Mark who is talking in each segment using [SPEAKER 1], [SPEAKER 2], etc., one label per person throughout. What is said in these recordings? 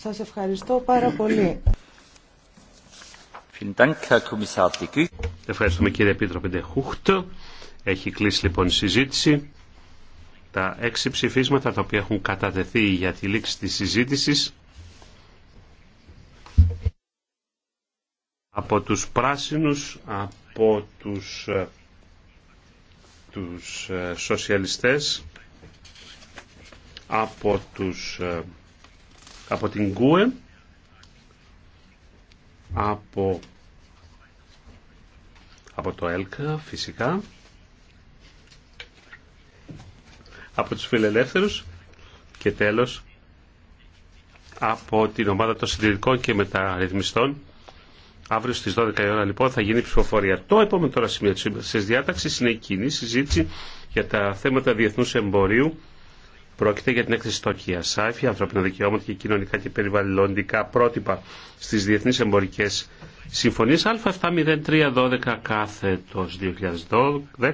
[SPEAKER 1] Σας ευχαριστώ πάρα πολύ.
[SPEAKER 2] Ευχαριστούμε κύριε Επίτροπε Ντεχούχτ. Έχει κλείσει λοιπόν η συζήτηση. Τα έξι ψηφίσματα τα οποία έχουν κατατεθεί για τη λήξη της συζήτησης από τους πράσινους, από τους, ε, τους ε, σοσιαλιστές, από τους ε, από την ΚΟΕ, από, από το ΕΛΚΑ φυσικά, από τους φιλελεύθερους και τέλος από την ομάδα των συντηρητικών και μεταρρυθμιστών. Αύριο στις 12 η ώρα λοιπόν θα γίνει η ψηφοφορία. Το επόμενο τώρα σημείο της διάταξης είναι η κοινή συζήτηση για τα θέματα διεθνούς εμπορίου Πρόκειται για την έκθεση Τόκια Σάφη, ανθρώπινα δικαιώματα και κοινωνικά και περιβαλλοντικά πρότυπα στι διεθνεί εμπορικέ συμφωνίε Α70312 κάθετο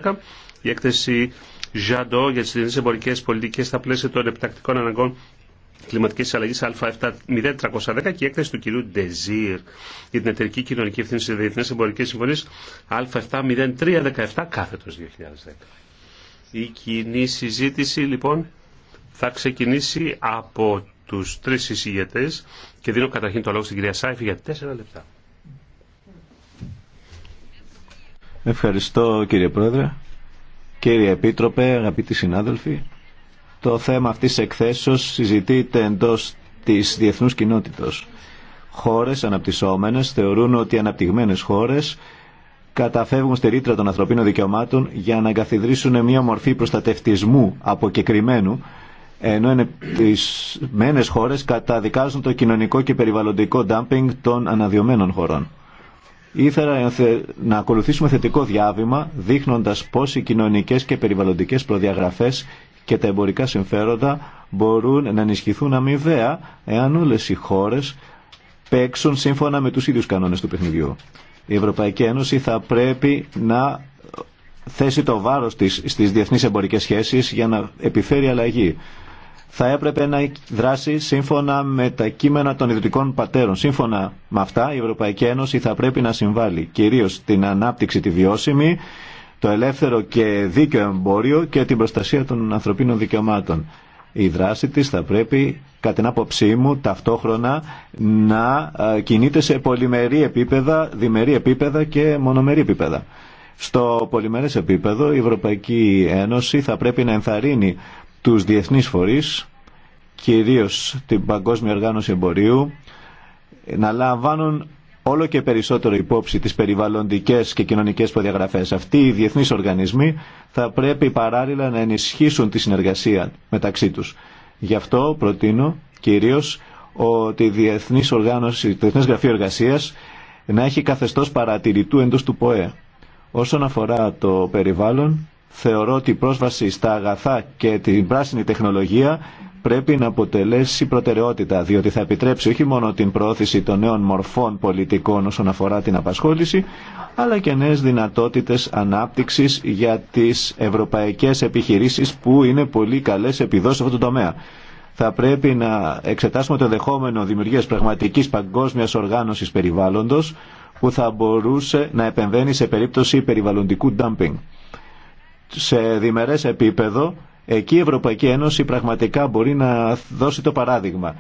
[SPEAKER 2] 2010. Η έκθεση Ζαντό για τι διεθνεί εμπορικέ πολιτικέ στα πλαίσια των επιτακτικών αναγκών κλιματική αλλαγή Α70310 και η έκθεση του κυρίου Ντεζίρ για την εταιρική κοινωνική ευθύνη στι διεθνέ εμπορικέ συμφωνίε Α70317 κάθετο 2010. Η κοινή συζήτηση λοιπόν θα ξεκινήσει από τους τρεις εισηγητές και δίνω καταρχήν το λόγο στην κυρία Σάιφη για τέσσερα λεπτά.
[SPEAKER 3] Ευχαριστώ κύριε Πρόεδρε. Κύριε Επίτροπε, αγαπητοί συνάδελφοι, το θέμα αυτής της εκθέσεως συζητείται εντός της διεθνούς κοινότητας. Χώρες αναπτυσσόμενες θεωρούν ότι οι αναπτυγμένες χώρες καταφεύγουν στη ρήτρα των ανθρωπίνων δικαιωμάτων για να εγκαθιδρύσουν μια μορφή προστατευτισμού αποκεκριμένου ενώ οι μένες χώρες καταδικάζουν το κοινωνικό και περιβαλλοντικό ντάμπινγκ των αναδειωμένων χωρών. Ήθελα να ακολουθήσουμε θετικό διάβημα, δείχνοντας πώς οι κοινωνικές και περιβαλλοντικές προδιαγραφές και τα εμπορικά συμφέροντα μπορούν να ενισχυθούν αμοιβαία, εάν όλες οι χώρες παίξουν σύμφωνα με τους ίδιους κανόνες του παιχνιδιού. Η Ευρωπαϊκή Ένωση θα πρέπει να θέσει το βάρος της στις διεθνείς εμπορικές σχέσεις για να επιφέρει αλλαγή θα έπρεπε να δράσει σύμφωνα με τα κείμενα των ιδιωτικών πατέρων. Σύμφωνα με αυτά, η Ευρωπαϊκή Ένωση θα πρέπει να συμβάλλει κυρίως στην ανάπτυξη τη βιώσιμη, το ελεύθερο και δίκαιο εμπόριο και την προστασία των ανθρωπίνων δικαιωμάτων. Η δράση της θα πρέπει, κατά την άποψή μου, ταυτόχρονα να ε, κινείται σε πολυμερή επίπεδα, διμερή επίπεδα και μονομερή επίπεδα. Στο πολυμερές επίπεδο η Ευρωπαϊκή Ένωση θα πρέπει να ενθαρρύνει τους διεθνείς φορείς, κυρίως την Παγκόσμια Οργάνωση Εμπορίου, να λαμβάνουν όλο και περισσότερο υπόψη τις περιβαλλοντικές και κοινωνικές προδιαγραφές. Αυτοί οι διεθνείς οργανισμοί θα πρέπει παράλληλα να ενισχύσουν τη συνεργασία μεταξύ τους. Γι' αυτό προτείνω κυρίως ότι η Διεθνής, Οργάνωση, η Διεθνής Γραφείο εργασία, να έχει καθεστώς παρατηρητού εντός του ΠΟΕ. Όσον αφορά το περιβάλλον, Θεωρώ ότι η πρόσβαση στα αγαθά και την πράσινη τεχνολογία πρέπει να αποτελέσει προτεραιότητα, διότι θα επιτρέψει όχι μόνο την πρόθεση των νέων μορφών πολιτικών όσον αφορά την απασχόληση, αλλά και νέες δυνατότητες ανάπτυξης για τις ευρωπαϊκές επιχειρήσεις που είναι πολύ καλές επιδόσεις σε αυτό το τομέα. Θα πρέπει να εξετάσουμε το δεχόμενο δημιουργίας πραγματικής παγκόσμιας οργάνωσης περιβάλλοντος που θα μπορούσε να επεμβαίνει σε περίπτωση περιβαλλοντικού dumping σε διμερές επίπεδο, εκεί η Ευρωπαϊκή Ένωση πραγματικά μπορεί να δώσει το παράδειγμα.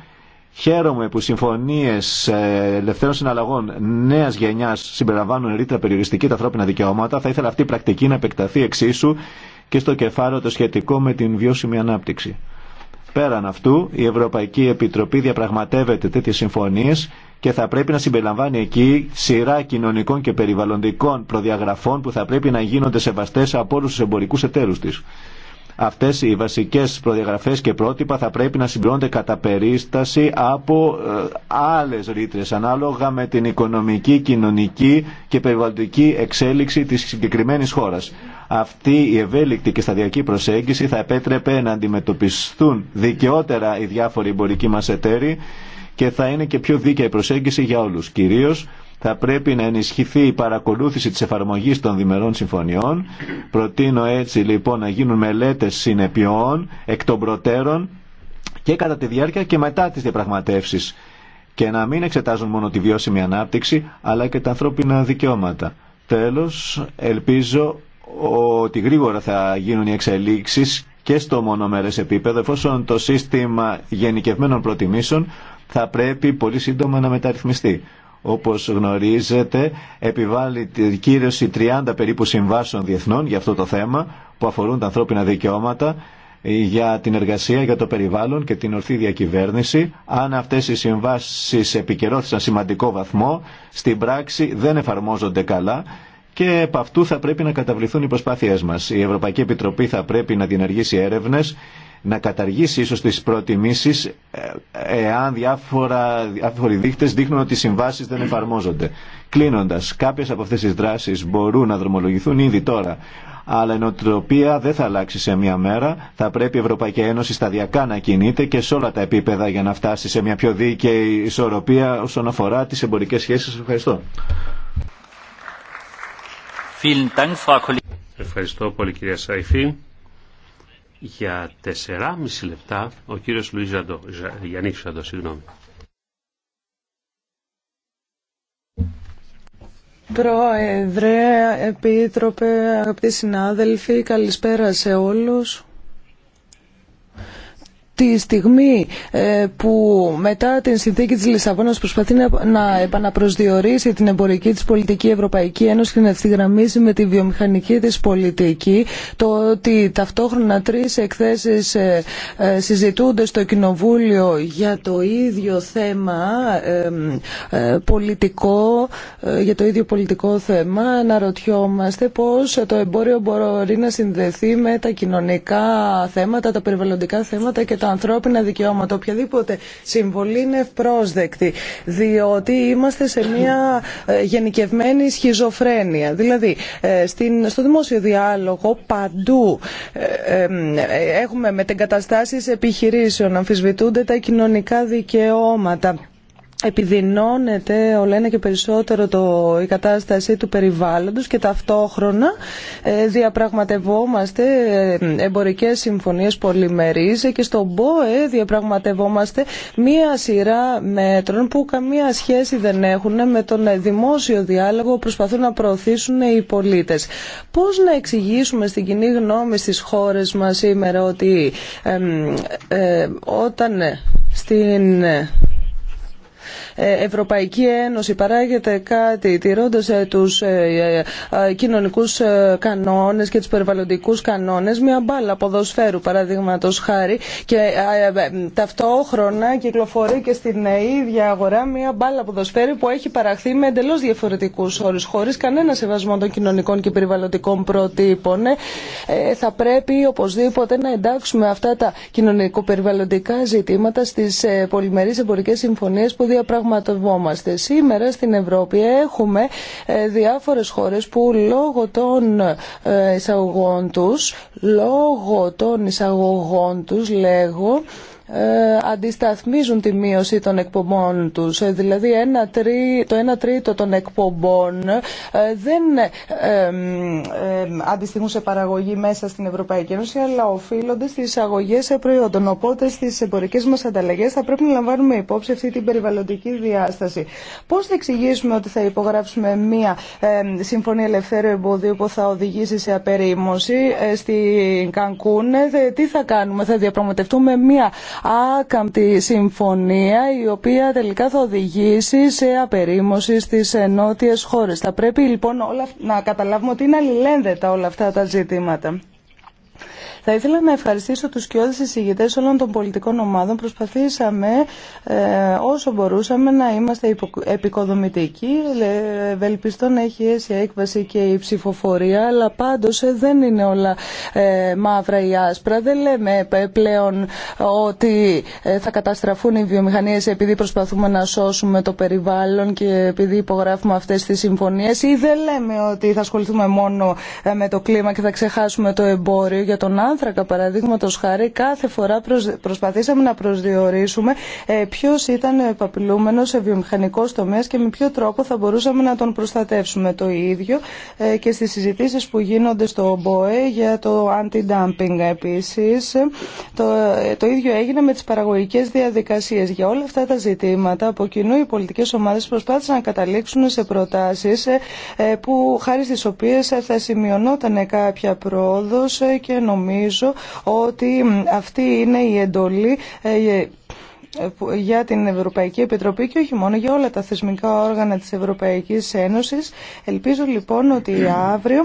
[SPEAKER 3] Χαίρομαι που συμφωνίε ε, ελευθέρων συναλλαγών νέα γενιά συμπεριλαμβάνουν ρήτρα περιοριστική τα ανθρώπινα δικαιώματα. Θα ήθελα αυτή η πρακτική να επεκταθεί εξίσου και στο κεφάλαιο το σχετικό με την βιώσιμη ανάπτυξη. Πέραν αυτού, η Ευρωπαϊκή Επιτροπή διαπραγματεύεται τέτοιε συμφωνίε και θα πρέπει να συμπεριλαμβάνει εκεί σειρά κοινωνικών και περιβαλλοντικών προδιαγραφών που θα πρέπει να γίνονται σεβαστέ από όλου του εμπορικού εταίρους τη. Αυτέ οι βασικέ προδιαγραφέ και πρότυπα θα πρέπει να συμπληρώνονται κατά περίσταση από ε, άλλε ρήτρε ανάλογα με την οικονομική, κοινωνική και περιβαλλοντική εξέλιξη τη συγκεκριμένη χώρα. Αυτή η ευέλικτη και σταδιακή προσέγγιση θα επέτρεπε να αντιμετωπιστούν δικαιότερα οι διάφοροι εμπορικοί μα εταίροι και θα είναι και πιο δίκαιη προσέγγιση για όλους. Κυρίως θα πρέπει να ενισχυθεί η παρακολούθηση της εφαρμογής των διμερών συμφωνιών. Προτείνω έτσι λοιπόν να γίνουν μελέτες συνεπιών εκ των προτέρων και κατά τη διάρκεια και μετά τις διαπραγματεύσεις και να μην εξετάζουν μόνο τη βιώσιμη ανάπτυξη αλλά και τα ανθρώπινα δικαιώματα. Τέλος, ελπίζω ότι γρήγορα θα γίνουν οι εξελίξεις και στο μονομερές επίπεδο εφόσον το σύστημα γενικευμένων προτιμήσεων θα πρέπει πολύ σύντομα να μεταρρυθμιστεί. Όπως γνωρίζετε, επιβάλλει την κύρωση 30 περίπου συμβάσεων διεθνών για αυτό το θέμα που αφορούν τα ανθρώπινα δικαιώματα για την εργασία, για το περιβάλλον και την ορθή διακυβέρνηση. Αν αυτές οι συμβάσεις επικαιρώθησαν σημαντικό βαθμό, στην πράξη δεν εφαρμόζονται καλά και επ' αυτού θα πρέπει να καταβληθούν οι προσπάθειές μας. Η Ευρωπαϊκή Επιτροπή θα πρέπει να διενεργήσει έρευνες να καταργήσει ίσως τις προτιμήσεις ε, εάν διάφορα, διάφοροι δείχτες δείχνουν ότι οι συμβάσεις δεν εφαρμόζονται. Κλείνοντας, κάποιες από αυτές τις δράσεις μπορούν να δρομολογηθούν ήδη τώρα. Αλλά η νοοτροπία δεν θα αλλάξει σε μία μέρα. Θα πρέπει η Ευρωπαϊκή Ένωση σταδιακά να κινείται και σε όλα τα επίπεδα για να φτάσει σε μια πιο δίκαιη ισορροπία όσον αφορά τις εμπορικές σχέσεις. Ευχαριστώ.
[SPEAKER 2] Ευχαριστώ πολύ κυρία Σαϊφή για 4,5 λεπτά ο κύριος Λουίς Ζαντώ, Γιάννη Ζαντώ, συγγνώμη.
[SPEAKER 1] Πρόεδρε, Επίτροπε, αγαπητοί συνάδελφοι, καλησπέρα σε όλους τη στιγμή ε, που μετά την συνθήκη της Λισαβόνας προσπαθεί να επαναπροσδιορίσει την εμπορική της πολιτική Ευρωπαϊκή Ένωση και να ευθυγραμμίσει με τη βιομηχανική της πολιτική το ότι ταυτόχρονα τρεις εκθέσεις ε, ε, συζητούνται στο Κοινοβούλιο για το ίδιο θέμα πολιτικό για το ίδιο πολιτικό θέμα αναρωτιόμαστε πώς το εμπόριο μπορεί να συνδεθεί με τα κοινωνικά θέματα, τα περιβαλλοντικά θέματα και τα ανθρώπινα δικαιώματα, οποιαδήποτε συμβολή είναι ευπρόσδεκτη, διότι είμαστε σε μια ε, γενικευμένη σχιζοφρένεια. Δηλαδή, ε, στο δημόσιο διάλογο παντού ε, έχουμε με μετεγκαταστάσεις επιχειρήσεων, αμφισβητούνται τα κοινωνικά δικαιώματα επιδεινώνεται όλο ένα και περισσότερο το, η κατάσταση του περιβάλλοντος και ταυτόχρονα ε, διαπραγματευόμαστε ε, εμπορικές συμφωνίες πολυμερείς και στον ΠΟΕ διαπραγματευόμαστε μία σειρά μέτρων που καμία σχέση δεν έχουν με τον δημόσιο διάλογο που προσπαθούν να προωθήσουν οι πολίτες. Πώς να εξηγήσουμε στην κοινή γνώμη στις χώρες μας σήμερα ότι ε, όταν στην ε, Ευρωπαϊκή Ένωση παράγεται κάτι τηρώντα ε, του ε, κοινωνικού κανόνε και του περιβαλλοντικού κανόνε, μια μπάλα ποδοσφαίρου παραδείγματο χάρη και ταυτόχρονα κυκλοφορεί και στην ίδια αγορά μια μπάλα ποδοσφαίρου που έχει παραχθεί με εντελώ διαφορετικού όρου, χωρί. κανένα σεβασμό των κοινωνικών και περιβαλλοντικών προτύπων. Θα πρέπει οπωσδήποτε να εντάξουμε αυτά τα κοινωνικο-περιβαλλοντικά ζητήματα στι πολυμερεί εμπορικέ συμφωνίε που διαπραγματεύονται διαπραγματευόμαστε. Σήμερα στην Ευρώπη έχουμε ε, διάφορες χώρες που λόγω των ε, εισαγωγών τους, λόγω των εισαγωγών τους λέγω, ε, αντισταθμίζουν τη μείωση των εκπομπών τους. Ε, δηλαδή ένα το 1 τρίτο των εκπομπών ε, δεν αντιστοιχούν σε παραγωγή μέσα στην Ευρωπαϊκή Ένωση αλλά οφείλονται στις αγωγές προϊόντων. Οπότε στις εμπορικές μας ανταλλαγές θα πρέπει να λαμβάνουμε υπόψη αυτή την περιβαλλοντική διάσταση. Πώς θα εξηγήσουμε ότι θα υπογράψουμε μία συμφωνία ελευθέρου εμποδίου που θα οδηγήσει σε απερίμωση στην Κανκούνε. Τι θα κάνουμε, θα διαπραγματευτούμε μία άκαμπτη συμφωνία η οποία τελικά θα οδηγήσει σε απερίμωση στις νότιες χώρες. Θα πρέπει λοιπόν όλα, να καταλάβουμε ότι είναι αλληλένδετα όλα αυτά τα ζητήματα. Θα ήθελα να ευχαριστήσω τους κοιόδες εισηγητές όλων των πολιτικών ομάδων. Προσπαθήσαμε ε, όσο μπορούσαμε να είμαστε επικοδομητικοί. Ευελπιστώ να έχει αίσια έκβαση και η ψηφοφορία, αλλά πάντως ε, δεν είναι όλα ε, μαύρα ή άσπρα. Δεν λέμε πλέον ότι θα καταστραφούν οι βιομηχανίες επειδή προσπαθούμε να σώσουμε το περιβάλλον και επειδή υπογράφουμε αυτές τις συμφωνίες ή δεν λέμε ότι θα ασχοληθούμε μόνο με το κλίμα και θα ξεχάσουμε το εμπόριο για τον άνθρωπο άνθρακα παραδείγματο χάρη κάθε φορά προσπαθήσαμε να προσδιορίσουμε ε, ποιο ήταν επαπειλούμενο σε βιομηχανικό τομέα και με ποιο τρόπο θα μπορούσαμε να τον προστατεύσουμε. Το ίδιο ε, και στι συζητήσει που γίνονται στο ΟΜΠΟΕ για το anti-dumping επίση. Το, ε, το ίδιο έγινε με τι παραγωγικέ διαδικασίε. Για όλα αυτά τα ζητήματα από κοινού οι πολιτικέ ομάδε προσπάθησαν να καταλήξουν σε προτάσει που χάρη στι οποίε θα σημειωνόταν κάποια πρόοδο και νομίζω ότι αυτή είναι η εντολή ε, ε, για την Ευρωπαϊκή Επιτροπή και όχι μόνο για όλα τα θεσμικά όργανα της Ευρωπαϊκής Ένωσης. Ελπίζω λοιπόν ότι αύριο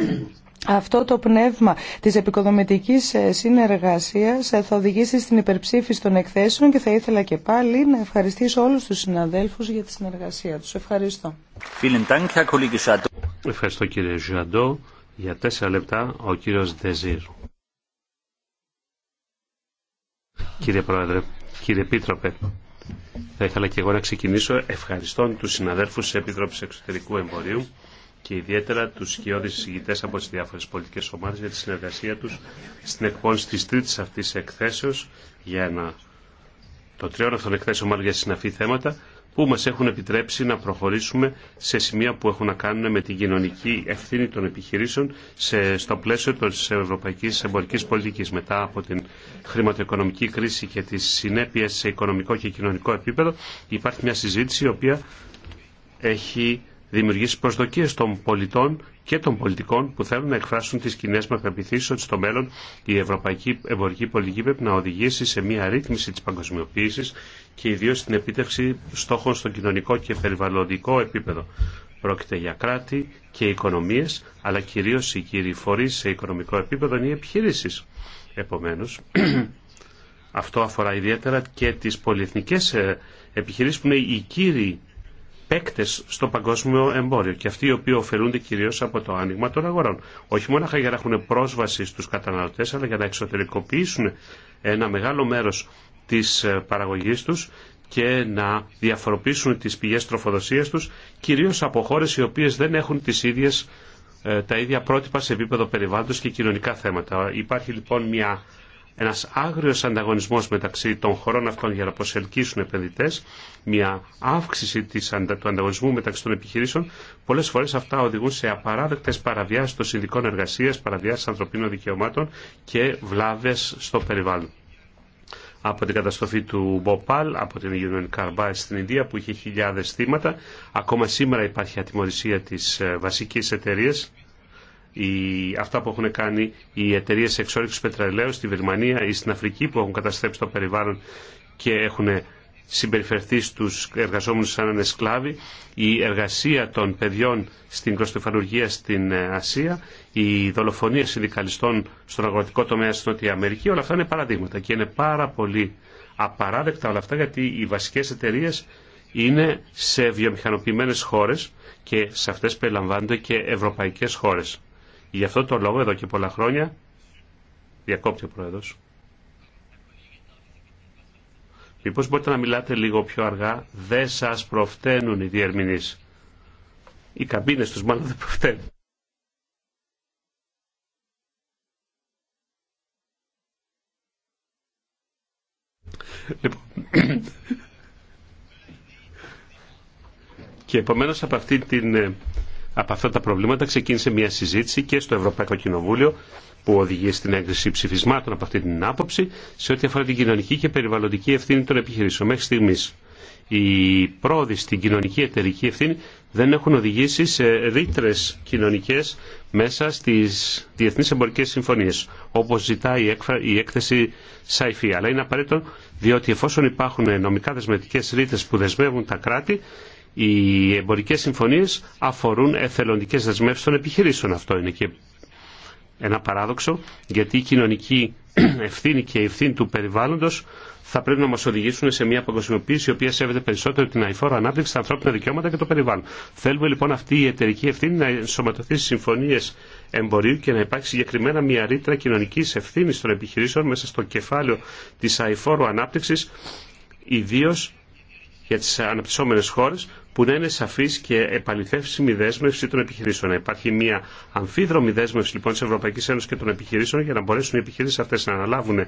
[SPEAKER 1] αυτό το πνεύμα της επικοδομητικής ε, συνεργασίας θα οδηγήσει στην υπερψήφιση των εκθέσεων και θα ήθελα και πάλι να ευχαριστήσω όλους τους συναδέλφους για τη συνεργασία τους. Ευχαριστώ.
[SPEAKER 2] Ευχαριστώ κύριε Ζουαντό. Για τέσσερα λεπτά ο κύριος Δεζίρου. Κύριε Πρόεδρε, κύριε Επίτροπε, θα ήθελα και εγώ να ξεκινήσω Ευχαριστώ τους συναδέρφους της Επιτροπής Εξωτερικού Εμπορίου και ιδιαίτερα τους σκιώδεις συζητητές από τις διάφορες πολιτικές ομάδες για τη συνεργασία τους στην εκπόνηση της τρίτης αυτής εκθέσεως για να το τριών αυτών εκθέσεων μάλλον για συναφή θέματα που μας έχουν επιτρέψει να προχωρήσουμε σε σημεία που έχουν να κάνουν με την κοινωνική ευθύνη των επιχειρήσεων σε, στο πλαίσιο της ευρωπαϊκής εμπορικής πολιτικής. Μετά από την χρηματοοικονομική κρίση και τις συνέπειες σε οικονομικό και κοινωνικό επίπεδο υπάρχει μια συζήτηση η οποία έχει δημιουργήσει προσδοκίε των πολιτών και των πολιτικών που θέλουν να εκφράσουν τις κοινέ μα πεπιθήσει ότι στο μέλλον η ευρωπαϊκή εμπορική πολιτική πρέπει να οδηγήσει σε μια ρύθμιση τη παγκοσμιοποίηση και ιδίως στην επίτευξη στόχων στο κοινωνικό και περιβαλλοντικό επίπεδο. Πρόκειται για κράτη και οικονομίες, αλλά κυρίως οι κύριοι φορείς σε οικονομικό επίπεδο είναι οι επιχειρήσεις. Επομένως, αυτό αφορά ιδιαίτερα και τις πολυεθνικές ε, επιχειρήσεις που είναι οι κύριοι παίκτε στο παγκόσμιο εμπόριο και αυτοί οι οποίοι ωφελούνται κυρίω από το άνοιγμα των αγορών. Όχι μόνο για να έχουν πρόσβαση στου καταναλωτέ, αλλά για να εξωτερικοποιήσουν ένα μεγάλο μέρο της ε, παραγωγής τους και να διαφοροποιήσουν τις πηγές τροφοδοσίας τους, κυρίως από χώρες οι οποίες δεν έχουν τις ίδιες, ε, τα ίδια πρότυπα σε επίπεδο περιβάλλοντος και κοινωνικά θέματα. Υπάρχει λοιπόν μια, ένας άγριος ανταγωνισμός μεταξύ των χωρών αυτών για να προσελκύσουν επενδυτές, μια αύξηση της, του ανταγωνισμού μεταξύ των επιχειρήσεων. Πολλές φορές αυτά οδηγούν σε απαράδεκτες παραβιάσεις των συνδικών εργασίας, παραβιάσεις ανθρωπίνων δικαιωμάτων και βλάβες στο περιβάλλον από την καταστροφή του Μποπάλ, από την Union Carbide στην Ινδία που είχε χιλιάδες θύματα. Ακόμα σήμερα υπάρχει ατιμορρησία της ε, βασικής εταιρείας. Οι, αυτά που έχουν κάνει οι εταιρείε εξόριξης πετρελαίου στη Βερμανία ή στην Αφρική που έχουν καταστρέψει το περιβάλλον και έχουν συμπεριφερθεί στους εργαζόμενους σαν σκλάβη, η εργασία των παιδιών στην κλωστοφανουργία στην ε, Ασία, η δολοφονία συνδικαλιστών στον αγροτικό τομέα στην Νότια Αμερική, όλα αυτά είναι παραδείγματα και είναι πάρα πολύ απαράδεκτα όλα αυτά γιατί οι βασικές εταιρείε είναι σε βιομηχανοποιημένες χώρες και σε αυτές περιλαμβάνονται και ευρωπαϊκές χώρες. Γι' αυτό το λόγο εδώ και πολλά χρόνια διακόπτει ο Πρόεδρος. Μήπως μπορείτε να μιλάτε λίγο πιο αργά. Δεν σας προφταίνουν οι διερμηνείς. Οι καμπίνες τους μάλλον δεν προφταίνουν. Λοιπόν, και επομένως από, ε, από αυτά τα προβλήματα ξεκίνησε μια συζήτηση και στο Ευρωπαϊκό Κοινοβούλιο που οδηγεί στην έγκριση ψηφισμάτων από αυτή την άποψη σε ό,τι αφορά την κοινωνική και περιβαλλοντική ευθύνη των επιχειρήσεων. Μέχρι στιγμή οι πρόοδοι στην κοινωνική εταιρική ευθύνη δεν έχουν οδηγήσει σε ρήτρε κοινωνικέ μέσα στι διεθνεί εμπορικέ συμφωνίε, όπω ζητάει η έκθεση ΣΑΙΦΗ. Αλλά είναι απαραίτητο διότι εφόσον υπάρχουν νομικά δεσμευτικέ ρήτρε που δεσμεύουν τα κράτη, οι εμπορικέ συμφωνίε αφορούν εθελοντικέ δεσμεύσει των επιχειρήσεων. Αυτό είναι ένα παράδοξο, γιατί η κοινωνική ευθύνη και η ευθύνη του περιβάλλοντος θα πρέπει να μα οδηγήσουν σε μια παγκοσμιοποίηση η οποία σέβεται περισσότερο την αηφόρο ανάπτυξη, τα ανθρώπινα δικαιώματα και το περιβάλλον. Θέλουμε λοιπόν αυτή η εταιρική ευθύνη να ενσωματωθεί στι συμφωνίε εμπορίου και να υπάρξει συγκεκριμένα μια ρήτρα κοινωνική ευθύνη των επιχειρήσεων μέσα στο κεφάλαιο τη αηφόρου ανάπτυξη, ιδίω για τι αναπτυσσόμενε χώρε που να είναι σαφή και επαληθεύσιμη δέσμευση των επιχειρήσεων. υπάρχει μια αμφίδρομη δέσμευση λοιπόν τη Ευρωπαϊκή Ένωση και των επιχειρήσεων για να μπορέσουν οι επιχειρήσει αυτέ να αναλάβουν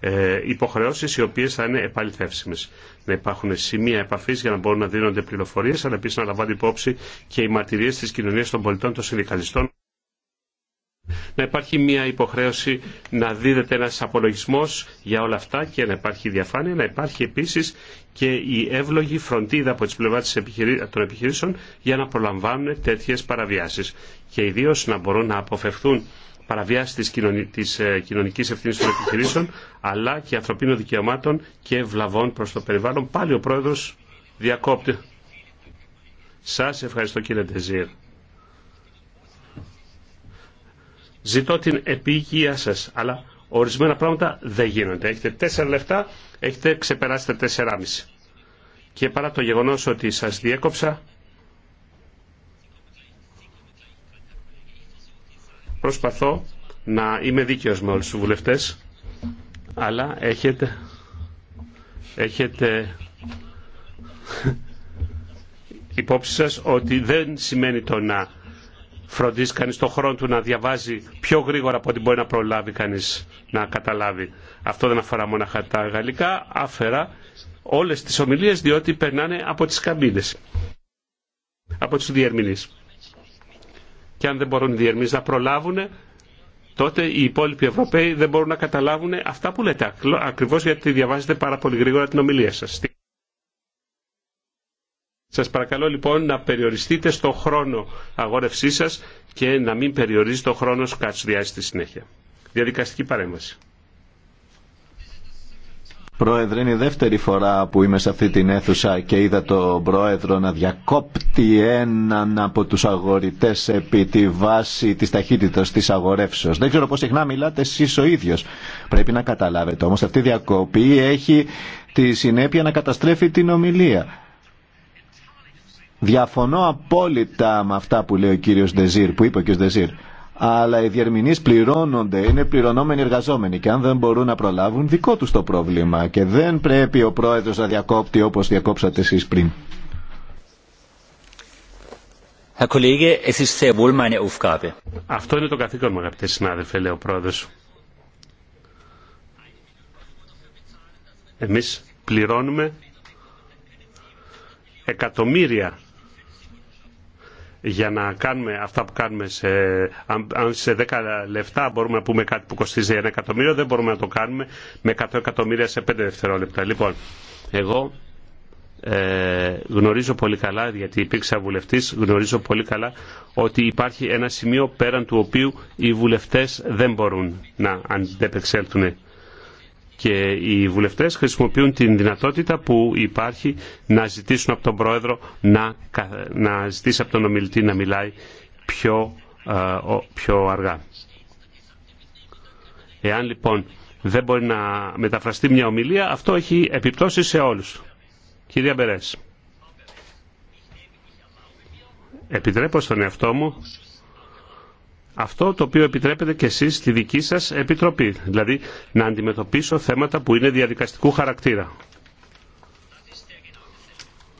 [SPEAKER 2] ε, υποχρεώσει οι οποίε θα είναι επαληθεύσιμε. Να υπάρχουν σημεία επαφή για να μπορούν να δίνονται πληροφορίε, αλλά επίση να λαμβάνουν υπόψη και οι μαρτυρίε τη κοινωνία των πολιτών, των συνδικαλιστών να υπάρχει μια υποχρέωση να δίδεται ένας απολογισμός για όλα αυτά και να υπάρχει διαφάνεια, να υπάρχει επίσης και η εύλογη φροντίδα από τις πλευρά των επιχειρήσεων για να προλαμβάνουν τέτοιες παραβιάσεις και ιδίως να μπορούν να αποφευθούν παραβιάσεις της, κοινωνικής, της ε, κοινωνικής ευθύνης των επιχειρήσεων αλλά και ανθρωπίνων δικαιωμάτων και βλαβών προς το περιβάλλον. Πάλι ο πρόεδρος διακόπτει. Σας ευχαριστώ κύριε Ντεζίρ. Ζητώ την επίγειά σας, αλλά ορισμένα πράγματα δεν γίνονται. Έχετε τέσσερα λεφτά, έχετε ξεπεράσει τα μισή. Και παρά το γεγονός ότι σας διέκοψα, προσπαθώ να είμαι δίκαιος με όλους τους βουλευτές, αλλά έχετε, έχετε υπόψη σας ότι δεν σημαίνει το να φροντίζει κανείς τον χρόνο του να διαβάζει πιο γρήγορα από ό,τι μπορεί να προλάβει κανείς να καταλάβει. Αυτό δεν αφορά μόνο τα γαλλικά, άφερα όλες τις ομιλίες διότι περνάνε από τις καμπίνες, από του διερμηνείς. Και αν δεν μπορούν οι διερμηνείς να προλάβουν, τότε οι υπόλοιποι Ευρωπαίοι δεν μπορούν να καταλάβουν αυτά που λέτε, ακριβώς γιατί διαβάζετε πάρα πολύ γρήγορα την ομιλία σας. Σας παρακαλώ λοιπόν να περιοριστείτε στο χρόνο αγόρευσή σας και να μην περιορίζει το χρόνο σκατσουδιάς στη συνέχεια. Διαδικαστική παρέμβαση.
[SPEAKER 3] Πρόεδρε, είναι η δεύτερη φορά που είμαι σε αυτή την αίθουσα και είδα τον Πρόεδρο να διακόπτει έναν από τους αγορητές επί τη βάση της ταχύτητας της αγορεύσεως. Δεν ξέρω πώς συχνά μιλάτε εσείς ο ίδιος. Πρέπει να καταλάβετε όμως αυτή η διακοπή έχει τη συνέπεια να καταστρέφει την ομιλία. Διαφωνώ απόλυτα με αυτά που λέει ο κύριος Ντεζίρ, που είπε ο κύριος Ντεζίρ. Αλλά οι διερμηνείς πληρώνονται, είναι πληρωνόμενοι εργαζόμενοι και αν δεν μπορούν να προλάβουν δικό τους το πρόβλημα και δεν πρέπει ο πρόεδρος να διακόπτει όπως διακόψατε εσείς πριν.
[SPEAKER 2] Αυτό είναι το καθήκον μου αγαπητέ συνάδελφε, λέει ο πρόεδρος. Εμείς πληρώνουμε εκατομμύρια για να κάνουμε αυτά που κάνουμε σε, αν σε 10 λεπτά μπορούμε να πούμε κάτι που κοστίζει ένα εκατομμύριο, δεν μπορούμε να το κάνουμε με 100 εκατομμύρια σε 5 δευτερόλεπτα. Λοιπόν, εγώ ε, γνωρίζω πολύ καλά, γιατί υπήρξα βουλευτή, γνωρίζω πολύ καλά ότι υπάρχει ένα σημείο πέραν του οποίου οι βουλευτές δεν μπορούν να αντεπεξέλθουν και οι βουλευτές χρησιμοποιούν την δυνατότητα που υπάρχει να ζητήσουν από τον Πρόεδρο να, να ζητήσει από τον ομιλητή να μιλάει πιο, ε, πιο αργά. Εάν λοιπόν δεν μπορεί να μεταφραστεί μια ομιλία, αυτό έχει επιπτώσει σε όλους. Κυρία Μπερές. Επιτρέπω στον εαυτό μου αυτό το οποίο επιτρέπετε και εσείς στη δική σας επιτροπή, δηλαδή να αντιμετωπίσω θέματα που είναι διαδικαστικού χαρακτήρα.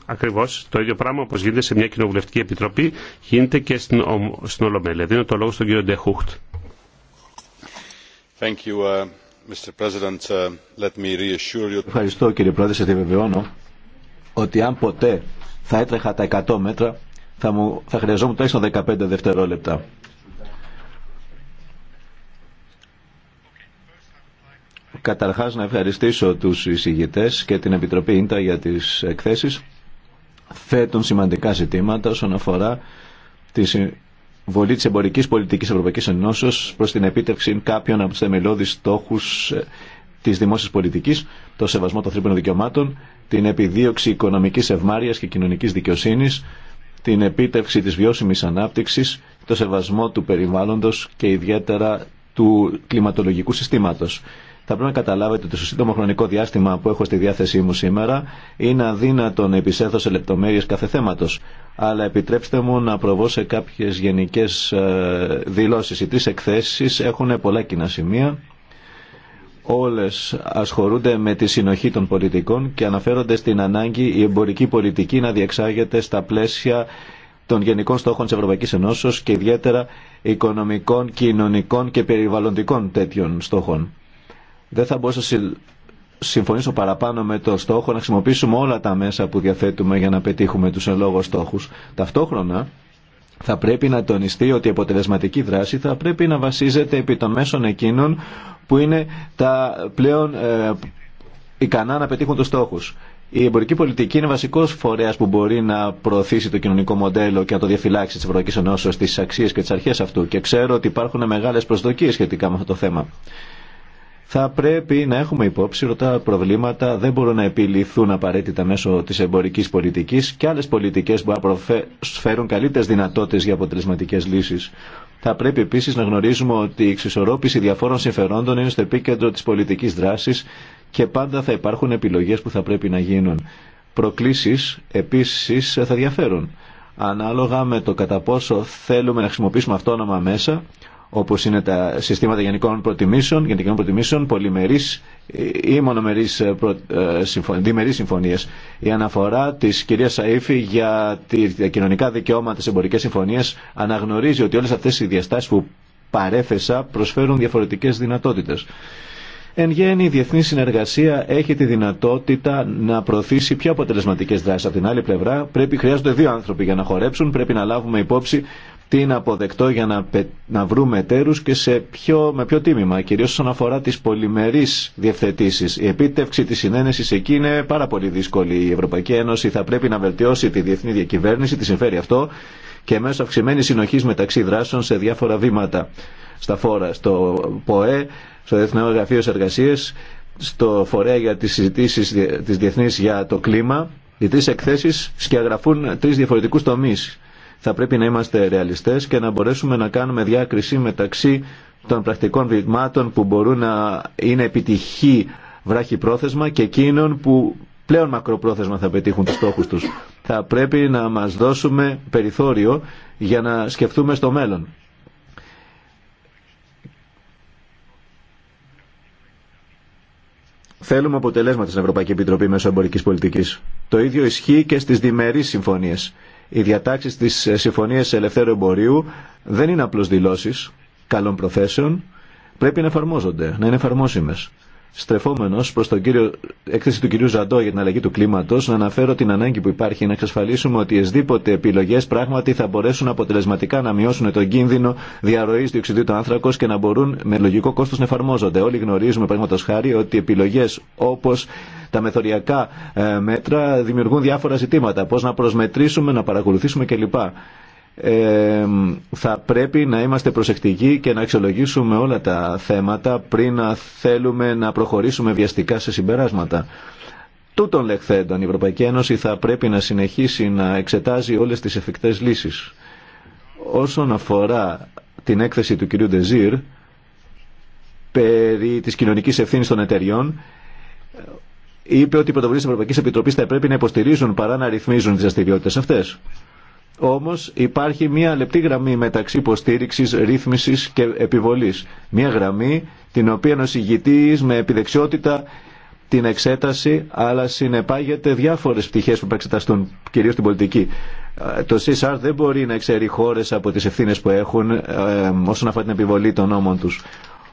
[SPEAKER 2] Ακριβώς το ίδιο πράγμα όπως γίνεται σε μια κοινοβουλευτική επιτροπή γίνεται και στην, στην Ολομέλεια. Δίνω το λόγο στον κύριο Ντεχούχτ. Uh, uh,
[SPEAKER 3] Ευχαριστώ κύριε Πρόεδρε, σε διαβεβαιώνω ότι αν ποτέ θα έτρεχα τα 100 μέτρα θα, μου, θα χρειαζόμουν τουλάχιστον 15 δευτερόλεπτα. Καταρχάς να ευχαριστήσω τους εισηγητές και την Επιτροπή Ίντα για τις εκθέσεις. Θέτουν σημαντικά ζητήματα όσον αφορά τη βολή της εμπορικής πολιτικής Ευρωπαϊκής Ενώσεως προς την επίτευξη κάποιων από τους θεμελώδεις στόχους ε, της δημόσιας πολιτικής, το σεβασμό των θρύπων δικαιωμάτων, την επιδίωξη οικονομικής ευμάρειας και κοινωνικής δικαιοσύνης, την επίτευξη της βιώσιμης ανάπτυξης, το σεβασμό του περιβάλλοντος και ιδιαίτερα του κλιματολογικού συστήματος θα πρέπει να καταλάβετε ότι το σύντομο χρονικό διάστημα που έχω στη διάθεσή μου σήμερα είναι αδύνατο να επισέθω σε λεπτομέρειε κάθε θέματο. Αλλά επιτρέψτε μου να προβώ σε κάποιε γενικέ ε, δηλώσει. Οι τρει εκθέσει έχουν πολλά κοινά σημεία. Όλε ασχολούνται με τη συνοχή των πολιτικών και αναφέρονται στην ανάγκη η εμπορική πολιτική να διεξάγεται στα πλαίσια των γενικών στόχων της Ευρωπαϊκής Ενώσεως και ιδιαίτερα οικονομικών, κοινωνικών και περιβαλλοντικών τέτοιων στόχων. Δεν θα μπορούσα να συμφωνήσω παραπάνω με το στόχο να χρησιμοποιήσουμε όλα τα μέσα που διαθέτουμε για να πετύχουμε τους εν λόγω στόχους. Ταυτόχρονα θα πρέπει να τονιστεί ότι η αποτελεσματική δράση θα πρέπει να βασίζεται επί των μέσων εκείνων που είναι τα πλέον ε, ικανά να πετύχουν τους στόχους. Η εμπορική πολιτική είναι βασικό φορέα που μπορεί να προωθήσει το κοινωνικό μοντέλο και να το διαφυλάξει τη Ευρωπαϊκή Ενώσεω, τι αξίε και τι αρχέ αυτού. Και ξέρω ότι υπάρχουν μεγάλε προσδοκίε σχετικά με αυτό το θέμα θα πρέπει να έχουμε υπόψη ότι τα προβλήματα δεν μπορούν να επιληθούν απαραίτητα μέσω τη εμπορική πολιτική και άλλε πολιτικέ που να προσφέρουν καλύτερε δυνατότητε για αποτελεσματικέ λύσει. Θα πρέπει επίση να γνωρίζουμε ότι η εξισορρόπηση διαφόρων συμφερόντων είναι στο επίκεντρο τη πολιτική δράση και πάντα θα υπάρχουν επιλογέ που θα πρέπει να γίνουν. Προκλήσει επίση θα διαφέρουν. Ανάλογα με το κατά πόσο θέλουμε να χρησιμοποιήσουμε αυτόνομα μέσα όπως είναι τα συστήματα γενικών προτιμήσεων, γενικών προτιμήσεων, πολυμερείς ή μονομερείς ε, προ, ε, διμερείς συμφωνίες. Η αναφορά της κυρία Σαΐφη για τα κοινωνικά δικαιώματα σε εμπορικές συμφωνίες αναγνωρίζει ότι όλες αυτές οι διαστάσεις που παρέθεσα προσφέρουν διαφορετικές δυνατότητες. Εν γέννη, η διεθνή συνεργασία έχει τη δυνατότητα να προωθήσει πιο αποτελεσματικέ δράσει. Από την άλλη πλευρά, πρέπει, χρειάζονται δύο άνθρωποι για να χορέψουν. Πρέπει να λάβουμε υπόψη τι είναι αποδεκτό για να, να βρούμε τέρους και σε πιο με ποιο τίμημα, κυρίως όσον αφορά τις πολυμερείς διευθετήσεις. Η επίτευξη της συνένεσης εκεί είναι πάρα πολύ δύσκολη. Η Ευρωπαϊκή Ένωση θα πρέπει να βελτιώσει τη διεθνή διακυβέρνηση, τη συμφέρει αυτό, και μέσω αυξημένη συνοχής μεταξύ δράσεων σε διάφορα βήματα. Στα φόρα, στο ΠΟΕ, στο Διεθνέ Γραφείο Εργασίες, στο Φορέα για τις συζητήσεις της Διεθνής για το κλίμα, οι τρεις εκθέσεις σκιαγραφούν τρεις διαφορετικούς τομείς θα πρέπει να είμαστε ρεαλιστές και να μπορέσουμε να κάνουμε διάκριση μεταξύ των πρακτικών βηγμάτων που μπορούν να είναι επιτυχή βράχη πρόθεσμα και εκείνων που πλέον μακροπρόθεσμα θα πετύχουν τους στόχους τους. Θα πρέπει να μας δώσουμε περιθώριο για να σκεφτούμε στο μέλλον. Θέλουμε αποτελέσματα στην Ευρωπαϊκή Επιτροπή μέσω πολιτικής. Το ίδιο ισχύει και στις διμερείς συμφωνίες. Οι διατάξεις της Συμφωνίας Ελευθέρου Εμπορίου δεν είναι απλώς δηλώσεις καλών προθέσεων, πρέπει να εφαρμόζονται, να είναι εφαρμόσιμες. Στρεφόμενο προ τον κύριο έκθεση του κυρίου Ζαντό για την αλλαγή του κλίματο, να αναφέρω την ανάγκη που υπάρχει να εξασφαλίσουμε ότι εσδήποτε επιλογέ πράγματι θα μπορέσουν αποτελεσματικά να μειώσουν τον κίνδυνο διαρροή διοξιδίου του άνθρακο και να μπορούν με λογικό κόστο να εφαρμόζονται. Όλοι γνωρίζουμε, παραδείγματο χάρη, ότι επιλογέ όπω τα μεθοριακά ε, μέτρα δημιουργούν διάφορα ζητήματα. Πώ να προσμετρήσουμε, να παρακολουθήσουμε κλπ ε, θα πρέπει να είμαστε προσεκτικοί και να αξιολογήσουμε όλα τα θέματα πριν να θέλουμε να προχωρήσουμε βιαστικά σε συμπεράσματα. Τούτων λεχθέντων η Ευρωπαϊκή Ένωση θα πρέπει να συνεχίσει να εξετάζει όλες τις εφικτές λύσεις. Όσον αφορά την έκθεση του κυρίου Ντεζίρ περί της κοινωνικής ευθύνης των εταιριών είπε ότι οι πρωτοβουλίες τη Ευρωπαϊκής Επιτροπής θα πρέπει να υποστηρίζουν παρά να ρυθμίζουν τι δραστηριότητε αυτέ. Όμως υπάρχει μια λεπτή γραμμή μεταξύ υποστήριξης, ρύθμισης και επιβολής. Μια γραμμή την οποία ο με επιδεξιότητα την εξέταση, αλλά συνεπάγεται διάφορες πτυχέ που θα εξεταστούν, κυρίω την πολιτική. Το CSR δεν μπορεί να εξαιρεί χώρε από τις ευθύνε που έχουν ε, ε, όσον αφορά την επιβολή των νόμων του.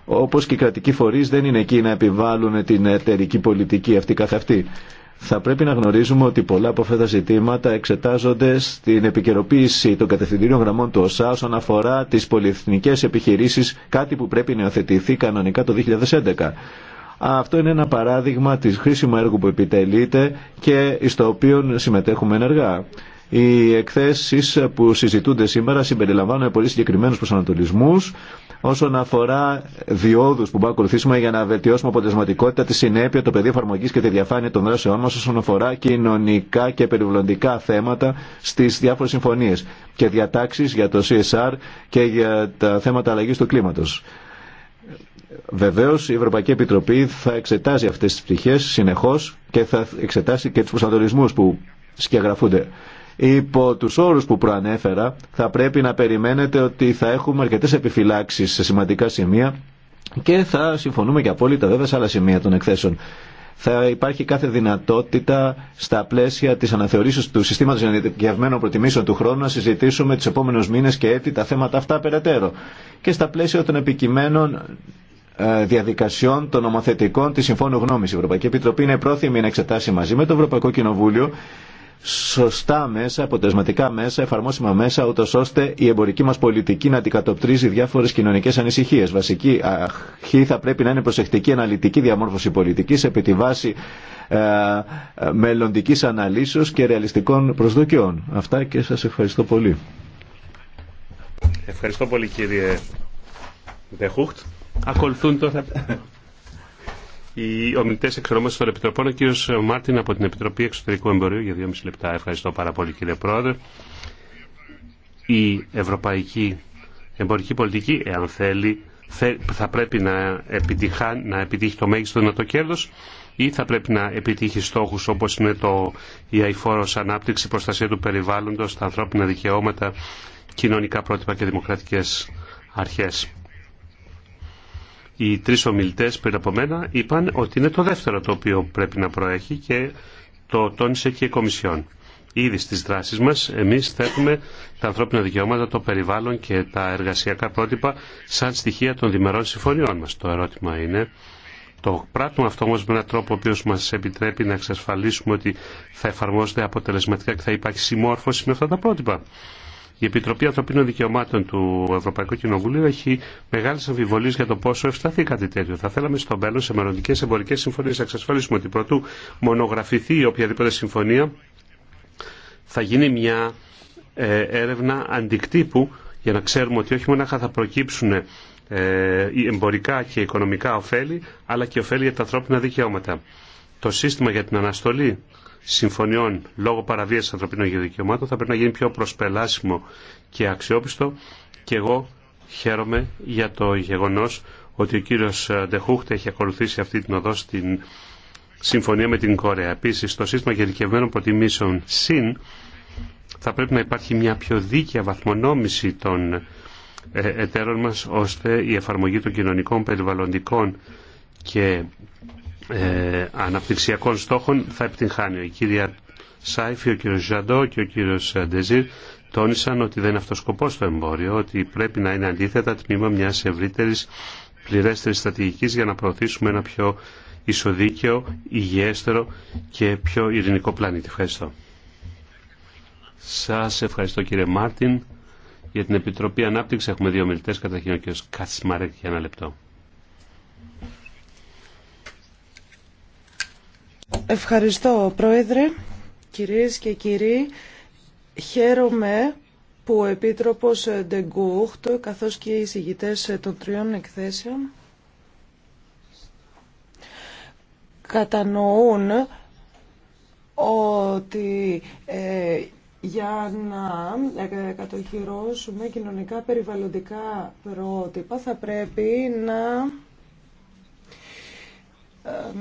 [SPEAKER 3] Όπω και οι κρατικοί φορεί δεν είναι εκεί να επιβάλλουν την εταιρική πολιτική αυτή καθ' αυτή. Θα πρέπει να γνωρίζουμε ότι πολλά από αυτά τα ζητήματα εξετάζονται στην επικαιροποίηση των κατευθυντήριων γραμμών του ΩΣΑ όσον αφορά τι πολυεθνικές επιχειρήσει κάτι που πρέπει να υιοθετηθεί κανονικά το 2011. Αυτό είναι ένα παράδειγμα τη χρήσιμου έργου που επιτελείται και στο οποίο συμμετέχουμε ενεργά. Οι εκθέσει που συζητούνται σήμερα συμπεριλαμβάνουν πολύ συγκεκριμένου προσανατολισμού, όσον αφορά διόδου που μπορούμε να ακολουθήσουμε για να βελτιώσουμε αποτελεσματικότητα, τη συνέπεια, το πεδίο εφαρμογή και τη διαφάνεια των δράσεών μα όσον αφορά κοινωνικά και περιβαλλοντικά θέματα στι διάφορε συμφωνίε και διατάξει για το CSR και για τα θέματα αλλαγή του κλίματο. Βεβαίω, η Ευρωπαϊκή Επιτροπή θα εξετάζει αυτέ τι πτυχέ συνεχώ και θα εξετάσει και του προσανατολισμού που σκιαγραφούνται. Υπό του όρου που προανέφερα, θα πρέπει να περιμένετε ότι θα έχουμε αρκετέ επιφυλάξει σε σημαντικά σημεία και θα συμφωνούμε και απόλυτα βέβαια σε άλλα σημεία των εκθέσεων. Θα υπάρχει κάθε δυνατότητα στα πλαίσια τη αναθεωρήσεω του συστήματο γενικευμένων προτιμήσεων του χρόνου να συζητήσουμε του επόμενου μήνε και έτη τα θέματα αυτά περαιτέρω. Και στα πλαίσια των επικειμένων ε, διαδικασιών των νομοθετικών τη Συμφώνου Γνώμη. Η Ευρωπαϊκή Επιτροπή είναι πρόθυμη να εξετάσει μαζί με το Ευρωπαϊκό Κοινοβούλιο σωστά μέσα, αποτελεσματικά μέσα, εφαρμόσιμα μέσα, ούτω ώστε η εμπορική μας πολιτική να αντικατοπτρίζει διάφορε κοινωνικές ανησυχίε. Βασική αρχή θα πρέπει να είναι προσεκτική αναλυτική διαμόρφωση πολιτικής επί τη βάση ε, ε μελλοντικής αναλύσεως και ρεαλιστικών προσδοκιών. Αυτά και σας ευχαριστώ πολύ.
[SPEAKER 2] Ευχαριστώ πολύ κύριε Ακολουθούν οι ομιλητέ εξ των Επιτροπών, ο κ. Μάρτιν από την Επιτροπή Εξωτερικού Εμπορίου για δύο μισή λεπτά. Ευχαριστώ πάρα πολύ κύριε Πρόεδρε. Η ευρωπαϊκή εμπορική πολιτική, εάν θέλει, θα πρέπει να, επιτυχά, να επιτύχει το μέγιστο δυνατό κέρδο ή θα πρέπει να επιτύχει στόχου όπω είναι το, η αηφόρο ανάπτυξη, προστασία του περιβάλλοντο, τα ανθρώπινα δικαιώματα, κοινωνικά πρότυπα και δημοκρατικέ αρχέ οι τρεις ομιλητές πριν από μένα είπαν ότι είναι το δεύτερο το οποίο πρέπει να προέχει και το τόνισε και η Κομισιόν. Ήδη στις δράσεις μας εμείς θέτουμε τα ανθρώπινα δικαιώματα, το περιβάλλον και τα εργασιακά πρότυπα σαν στοιχεία των διμερών συμφωνιών μας. Το ερώτημα είναι το πράττουμε αυτό όμως με έναν τρόπο ο οποίος μα επιτρέπει να εξασφαλίσουμε ότι θα εφαρμόζεται αποτελεσματικά και θα υπάρχει συμμόρφωση με αυτά τα πρότυπα. Η Επιτροπή Ανθρωπίνων Δικαιωμάτων του Ευρωπαϊκού Κοινοβουλίου έχει μεγάλε αμφιβολίε για το πόσο ευσταθεί κάτι τέτοιο. Θα θέλαμε στο μέλλον σε μελλοντικέ εμπορικέ συμφωνίε να εξασφαλίσουμε ότι πρωτού μονογραφηθεί η οποιαδήποτε συμφωνία θα γίνει μια ε, έρευνα αντικτύπου για να ξέρουμε ότι όχι μόνο θα προκύψουν ε, εμπορικά και οικονομικά ωφέλη, αλλά και ωφέλη για τα ανθρώπινα δικαιώματα. Το σύστημα για την αναστολή συμφωνιών λόγω παραβίαση ανθρωπίνων δικαιωμάτων θα πρέπει να γίνει πιο προσπελάσιμο και αξιόπιστο και εγώ χαίρομαι για το γεγονός ότι ο κύριος Ντεχούχτε έχει ακολουθήσει αυτή την οδό στην συμφωνία με την Κορέα. Επίσης, το σύστημα γενικευμένων προτιμήσεων ΣΥΝ θα πρέπει να υπάρχει μια πιο δίκαια βαθμονόμηση των ε, εταίρων μας ώστε η εφαρμογή των κοινωνικών, περιβαλλοντικών και ε, αναπτυξιακών στόχων θα επιτυγχάνει. Η κυρία Σάιφη, ο κύριος Ζαντό και ο κύριος Ντεζίρ τόνισαν ότι δεν είναι αυτός σκοπός το εμπόριο, ότι πρέπει να είναι αντίθετα τμήμα μιας ευρύτερης πληρέστερης στρατηγικής για να προωθήσουμε ένα πιο ισοδίκαιο, υγιέστερο και πιο ειρηνικό πλανήτη. Ευχαριστώ. Σας ευχαριστώ κύριε Μάρτιν. Για την Επιτροπή Ανάπτυξη έχουμε δύο μιλητές, καταρχήν ο κ. Κατσμαρέκ για ένα λεπτό.
[SPEAKER 1] Ευχαριστώ, Πρόεδρε. Κυρίες και κύριοι, χαίρομαι που ο Επίτροπος Ντεγκούχτ, καθώς και οι συγγητές των τριών εκθέσεων, κατανοούν ότι ε, για να ε, κατοχυρώσουμε κοινωνικά περιβαλλοντικά πρότυπα θα πρέπει να ε,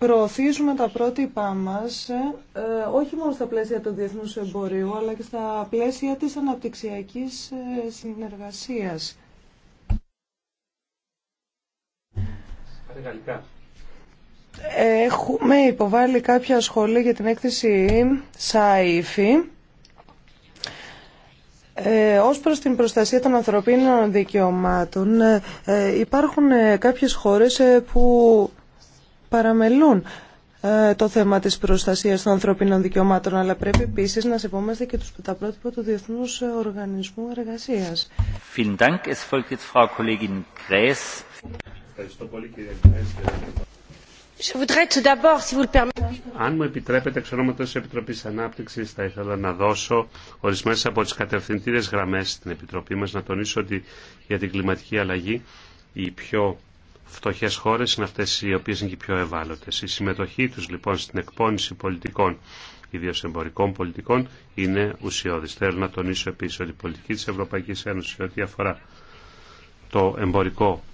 [SPEAKER 1] προωθήσουμε τα πρότυπά μας ε, ε, όχι μόνο στα πλαίσια του διεθνούς εμπορίου αλλά και στα πλαίσια της αναπτυξιακής ε, συνεργασίας. Έχουμε υποβάλει κάποια σχόλια για την έκθεση ΣΑΙΦΗ ε, ως προς την προστασία των ανθρωπίνων δικαιωμάτων υπάρχουν κάποιες χώρες που παραμελούν ε, το θέμα της προστασίας των ανθρωπίνων δικαιωμάτων, αλλά πρέπει επίσης να σεβόμαστε και τους, τα πρότυπα του Διεθνούς Οργανισμού Εργασίας.
[SPEAKER 2] Αν μου επιτρέπετε, εξ ονόματο τη Επιτροπή Ανάπτυξη, θα ήθελα να δώσω ορισμένε από τι κατευθυντήρε γραμμέ στην Επιτροπή μα, να τονίσω ότι για την κλιματική αλλαγή η πιο φτωχέ χώρε είναι αυτέ οι οποίε είναι και οι πιο ευάλωτε. Η συμμετοχή του λοιπόν στην εκπώνηση πολιτικών, ιδίω εμπορικών πολιτικών, είναι ουσιώδης. Θέλω να τονίσω επίση ότι η πολιτική τη Ευρωπαϊκή Ένωση, ό,τι αφορά το εμπορικό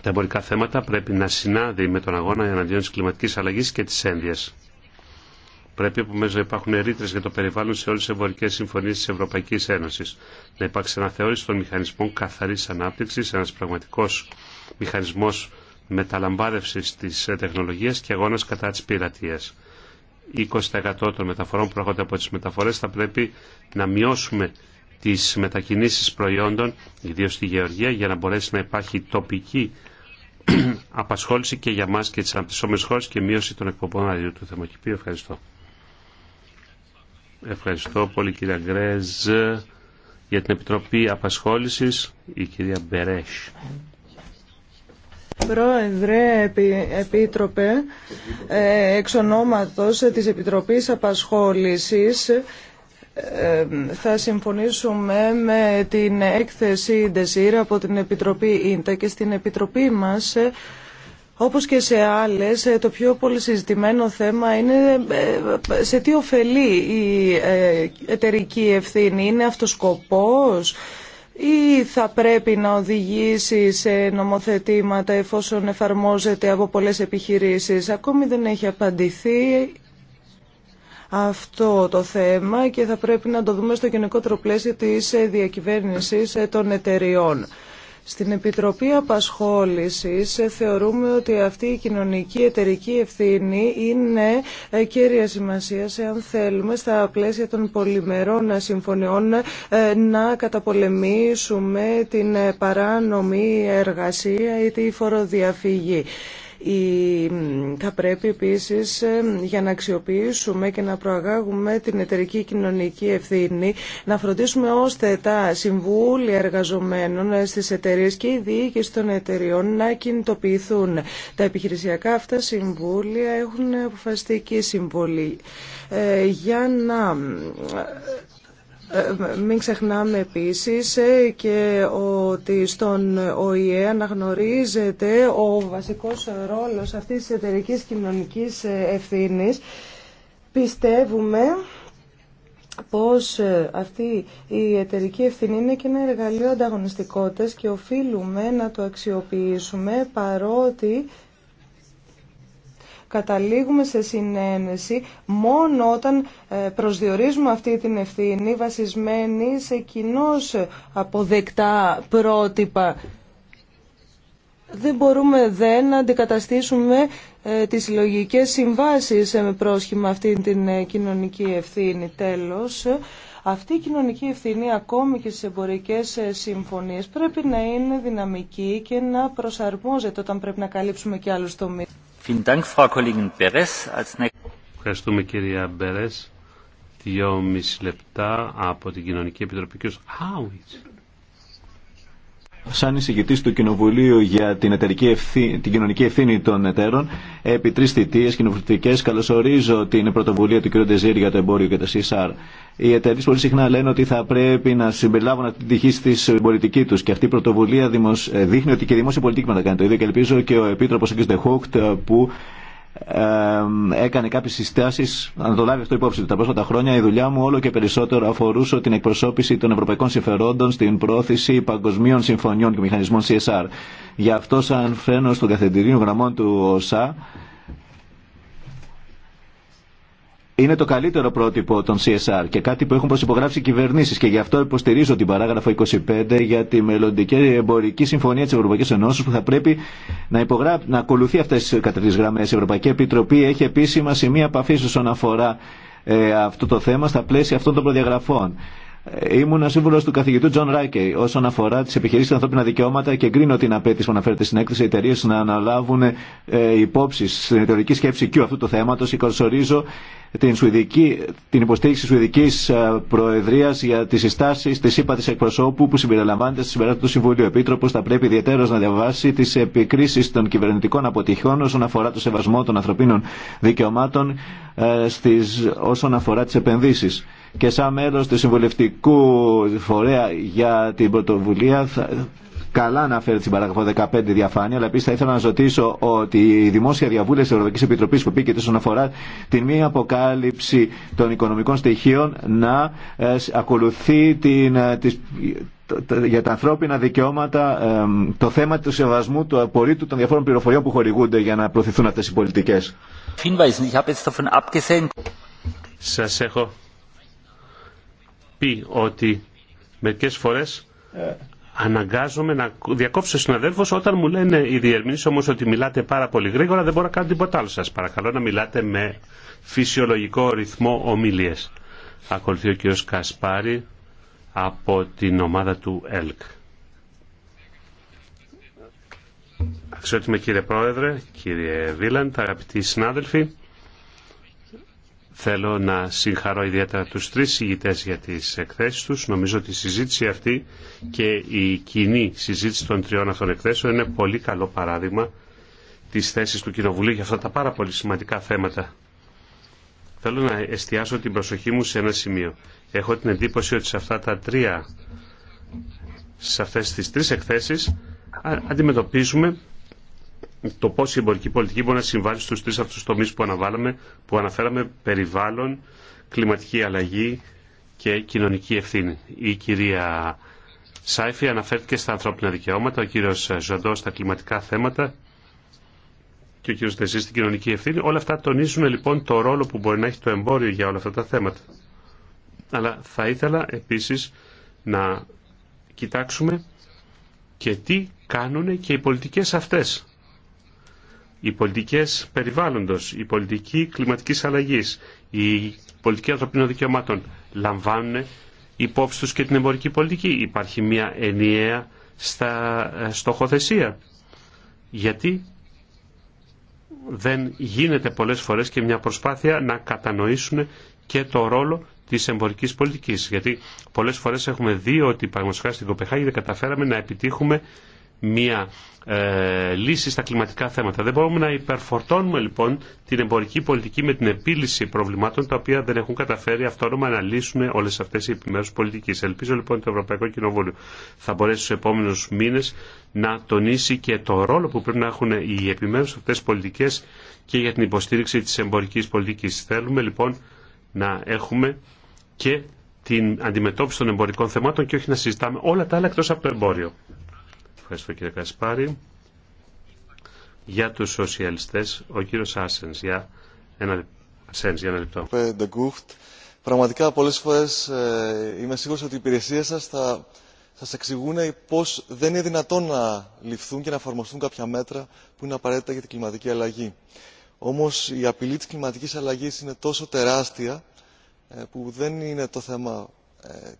[SPEAKER 2] τα εμπορικά θέματα πρέπει να συνάδει με τον αγώνα εναντίον τη κλιματική αλλαγή και τη ένδυας. Πρέπει μέσα να υπάρχουν ρήτρε για το περιβάλλον σε όλε τι εμπορικέ συμφωνίε τη Ευρωπαϊκή Ένωση. Να υπάρξει αναθεώρηση των μηχανισμών καθαρή ανάπτυξη, ένα πραγματικό μηχανισμός μεταλαμβάνευση της ε, τεχνολογίας και αγώνας κατά της πειρατείας. 20% των μεταφορών που από τις μεταφορές θα πρέπει να μειώσουμε τις μετακινήσεις προϊόντων, ιδίως στη γεωργία, για να μπορέσει να υπάρχει τοπική απασχόληση και για μας και τις αναπτυσσόμενες χώρες και μείωση των εκπομπών του Θεμοκηπίου. Ευχαριστώ. Ευχαριστώ πολύ κυρία Γκρέζ για την Επιτροπή Απασχόλησης, η κυρία Μπερέσ.
[SPEAKER 1] Πρόεδρε, επί, Επίτροπε, ε, εξ ονόματος της Επιτροπής Απασχόλησης, ε, θα συμφωνήσουμε με την έκθεση Ντεσίρ από την Επιτροπή Ίντα και στην Επιτροπή μας ε, όπως και σε άλλες, το πιο πολύ συζητημένο θέμα είναι σε τι ωφελεί η εταιρική ευθύνη. Είναι αυτοσκοπός ή θα πρέπει να οδηγήσει σε νομοθετήματα εφόσον εφαρμόζεται από πολλές επιχειρήσεις. Ακόμη δεν έχει απαντηθεί αυτό το θέμα και θα πρέπει να το δούμε στο γενικότερο πλαίσιο της διακυβέρνησης των εταιριών. Στην Επιτροπή Απασχόλησης θεωρούμε ότι αυτή η κοινωνική εταιρική ευθύνη είναι ε, κέρια σημασία εάν θέλουμε στα πλαίσια των πολυμερών συμφωνιών ε, να καταπολεμήσουμε την παράνομη εργασία ή τη φοροδιαφυγή. Θα πρέπει επίσης ε, για να αξιοποιήσουμε και να προαγάγουμε την εταιρική κοινωνική ευθύνη, να φροντίσουμε ώστε τα συμβούλια εργαζομένων ε, στις εταιρείες και η διοίκηση των εταιρεών να κινητοποιηθούν. Τα επιχειρησιακά αυτά συμβούλια έχουν αποφασιστική συμβολή ε, για να ε, μην ξεχνάμε επίσης ε, και ότι στον ΟΗΕ αναγνωρίζεται ο βασικός ρόλος αυτής της εταιρικής κοινωνικής ε, ευθύνης. Πιστεύουμε πως αυτή η εταιρική ευθύνη είναι και ένα εργαλείο ανταγωνιστικότητας και οφείλουμε να το αξιοποιήσουμε παρότι καταλήγουμε σε συνένεση μόνο όταν ε, προσδιορίζουμε αυτή την ευθύνη βασισμένη σε κοινώ αποδεκτά πρότυπα. Δεν μπορούμε δε να αντικαταστήσουμε ε, τις συλλογικέ συμβάσεις ε, με πρόσχημα αυτή την κοινωνική ευθύνη. Τέλος, αυτή η κοινωνική ευθύνη ακόμη και στις εμπορικές συμφωνίες πρέπει να είναι δυναμική και να προσαρμόζεται όταν πρέπει να καλύψουμε και άλλους τομείς.
[SPEAKER 2] Ευχαριστούμε κυρία Μπερές. Δυόμιση λεπτά από την Κοινωνική Επιτροπή. Κύριος Άουιτς
[SPEAKER 3] σαν εισηγητή του Κοινοβουλίου για την, εταιρική την κοινωνική ευθύνη των εταίρων, επί τρει θητείε κοινοβουλευτικέ, καλωσορίζω την πρωτοβουλία του κ. Ντεζίρ για το εμπόριο και το CSR. Οι εταιρείε πολύ συχνά λένε ότι θα πρέπει να συμπεριλάβουν αυτή την τυχή στη πολιτική του και αυτή η πρωτοβουλία ε, δείχνει ότι και η δημόσια πολιτική πρέπει να το ίδιο και ελπίζω και ο Επίτροπο κ. Ντεχούκτ ε, που ε, έκανε κάποιες συστάσεις, αν το λάβει αυτό υπόψη Τα πρόσφατα χρόνια η δουλειά μου όλο και περισσότερο αφορούσε την εκπροσώπηση των ευρωπαϊκών συμφερόντων στην πρόθεση παγκοσμίων συμφωνιών και μηχανισμών CSR. Γι' αυτό σαν φρένο του καθεντηρίου γραμμών του ΟΣΑ είναι το καλύτερο πρότυπο των CSR και κάτι που έχουν προσυπογράψει οι κυβερνήσει. Και γι' αυτό υποστηρίζω την παράγραφο 25 για τη μελλοντική εμπορική συμφωνία τη Ευρωπαϊκή Ενώσης που θα πρέπει να, υπογρά... να ακολουθεί αυτέ τι κατά γραμμέ. Η Ευρωπαϊκή Επιτροπή έχει επίσημα σημεία επαφή όσον αφορά ε, αυτό το θέμα στα πλαίσια αυτών των προδιαγραφών. Ήμουν σύμβουλο του καθηγητού Τζον Ράικεϊ όσον αφορά τι επιχειρήσει και ανθρώπινα δικαιώματα και εγκρίνω την απέτηση που αναφέρεται στην έκθεση εταιρείε να αναλάβουν ε, υπόψη στην ιδιωτική σκέψη Q αυτού του θέματο. Οικοσορίζω την, την υποστήριξη τη Σουηδική ε, Προεδρία για τι συστάσει τη ΥΠΑ τη εκπροσώπου που συμπεριλαμβάνεται στη συμπεράσματα του Συμβουλίου. Επίτροπο θα πρέπει ιδιαίτερω να διαβάσει τι επικρίσει των κυβερνητικών αποτυχιών όσον αφορά το σεβασμό των ανθρωπίνων δικαιωμάτων ε, στις, όσον αφορά τι επενδύσει και σαν μέλος του Συμβουλευτικού Φορέα για την Πρωτοβουλία καλά να φέρει στην παράγραφο 15 διαφάνεια, αλλά επίση θα ήθελα να ζωτήσω ότι η δημόσια διαβούλευση τη Ευρωπαϊκή Επιτροπή που πήγε τη αφορά την μία αποκάλυψη των οικονομικών στοιχείων να ε, ακολουθεί την, ε, για τα ανθρώπινα δικαιώματα το θέμα του σεβασμού του απορρίτου των διαφόρων πληροφοριών που χορηγούνται για να προωθηθούν αυτέ οι πολιτικέ.
[SPEAKER 2] Σα έχω πει ότι μερικές φορές αναγκάζομαι να διακόψω συναδέλφο. όταν μου λένε οι διερμηνεί όμω ότι μιλάτε πάρα πολύ γρήγορα, δεν μπορώ να κάνω τίποτα άλλο. Σα παρακαλώ να μιλάτε με φυσιολογικό ρυθμό ομιλίε. Ακολουθεί ο κ. Κασπάρη από την ομάδα του ΕΛΚ. Αξιότιμε κύριε Πρόεδρε, κύριε Βίλαντ, αγαπητοί συνάδελφοι, Θέλω να συγχαρώ ιδιαίτερα τους τρεις συγητέ για τις εκθέσεις τους. Νομίζω ότι η συζήτηση αυτή και η κοινή συζήτηση των τριών αυτών εκθέσεων είναι πολύ καλό παράδειγμα της θέσης του Κοινοβουλίου για αυτά τα πάρα πολύ σημαντικά θέματα. Θέλω να εστιάσω την προσοχή μου σε ένα σημείο. Έχω την εντύπωση ότι σε αυτά τα τρία, σε αυτές τις τρεις εκθέσεις αντιμετωπίζουμε το πώ η εμπορική πολιτική μπορεί να συμβάλλει στου τρει αυτού τομείς που, αναβάλαμε, που αναφέραμε περιβάλλον, κλιματική αλλαγή και κοινωνική ευθύνη. Η κυρία Σάιφη αναφέρθηκε στα ανθρώπινα δικαιώματα, ο κύριο Ζαντό στα κλιματικά θέματα και ο κύριο Δεζή στην κοινωνική ευθύνη. Όλα αυτά τονίζουν λοιπόν το ρόλο που μπορεί να έχει το εμπόριο για όλα αυτά τα θέματα. Αλλά θα ήθελα επίση να κοιτάξουμε και τι κάνουν και οι πολιτικές αυτές οι πολιτικές περιβάλλοντος, η πολιτική κλιματικής αλλαγής, η πολιτική ανθρωπίνων δικαιωμάτων λαμβάνουν υπόψη τους και την εμπορική πολιτική. Υπάρχει μια ενιαία στα ε, στοχοθεσία. Γιατί δεν γίνεται πολλές φορές και μια προσπάθεια να κατανοήσουν και το ρόλο της εμπορικής πολιτικής. Γιατί πολλές φορές έχουμε δει ότι παραδείγματο στην Κοπεχάγη δεν καταφέραμε να επιτύχουμε μια ε, λύση στα κλιματικά θέματα. Δεν μπορούμε να υπερφορτώνουμε λοιπόν την εμπορική πολιτική με την επίλυση προβλημάτων τα οποία δεν έχουν καταφέρει αυτόνομα να λύσουν όλε αυτέ οι επιμέρου πολιτικέ. Ελπίζω λοιπόν το Ευρωπαϊκό Κοινοβούλιο θα μπορέσει στου επόμενου μήνε να τονίσει και το ρόλο που πρέπει να έχουν οι επιμέρου αυτέ πολιτικέ και για την υποστήριξη τη εμπορική πολιτική. Θέλουμε λοιπόν να έχουμε και την αντιμετώπιση των εμπορικών θεμάτων και όχι να συζητάμε όλα τα άλλα εκτό από το εμπόριο. Ευχαριστώ κύριε Κασπάρη. Για τους σοσιαλιστές, ο κύριος Άσενς, για ένα, Ασένς, για ένα λεπτό.
[SPEAKER 4] Πραγματικά πολλές φορές ε, είμαι σίγουρος ότι οι υπηρεσίες σας θα σας εξηγούν πώς δεν είναι δυνατόν να ληφθούν και να εφαρμοστούν κάποια μέτρα που είναι απαραίτητα για την κλιματική αλλαγή. Όμως η απειλή της κλιματικής αλλαγής είναι τόσο τεράστια ε, που δεν είναι το θέμα ε,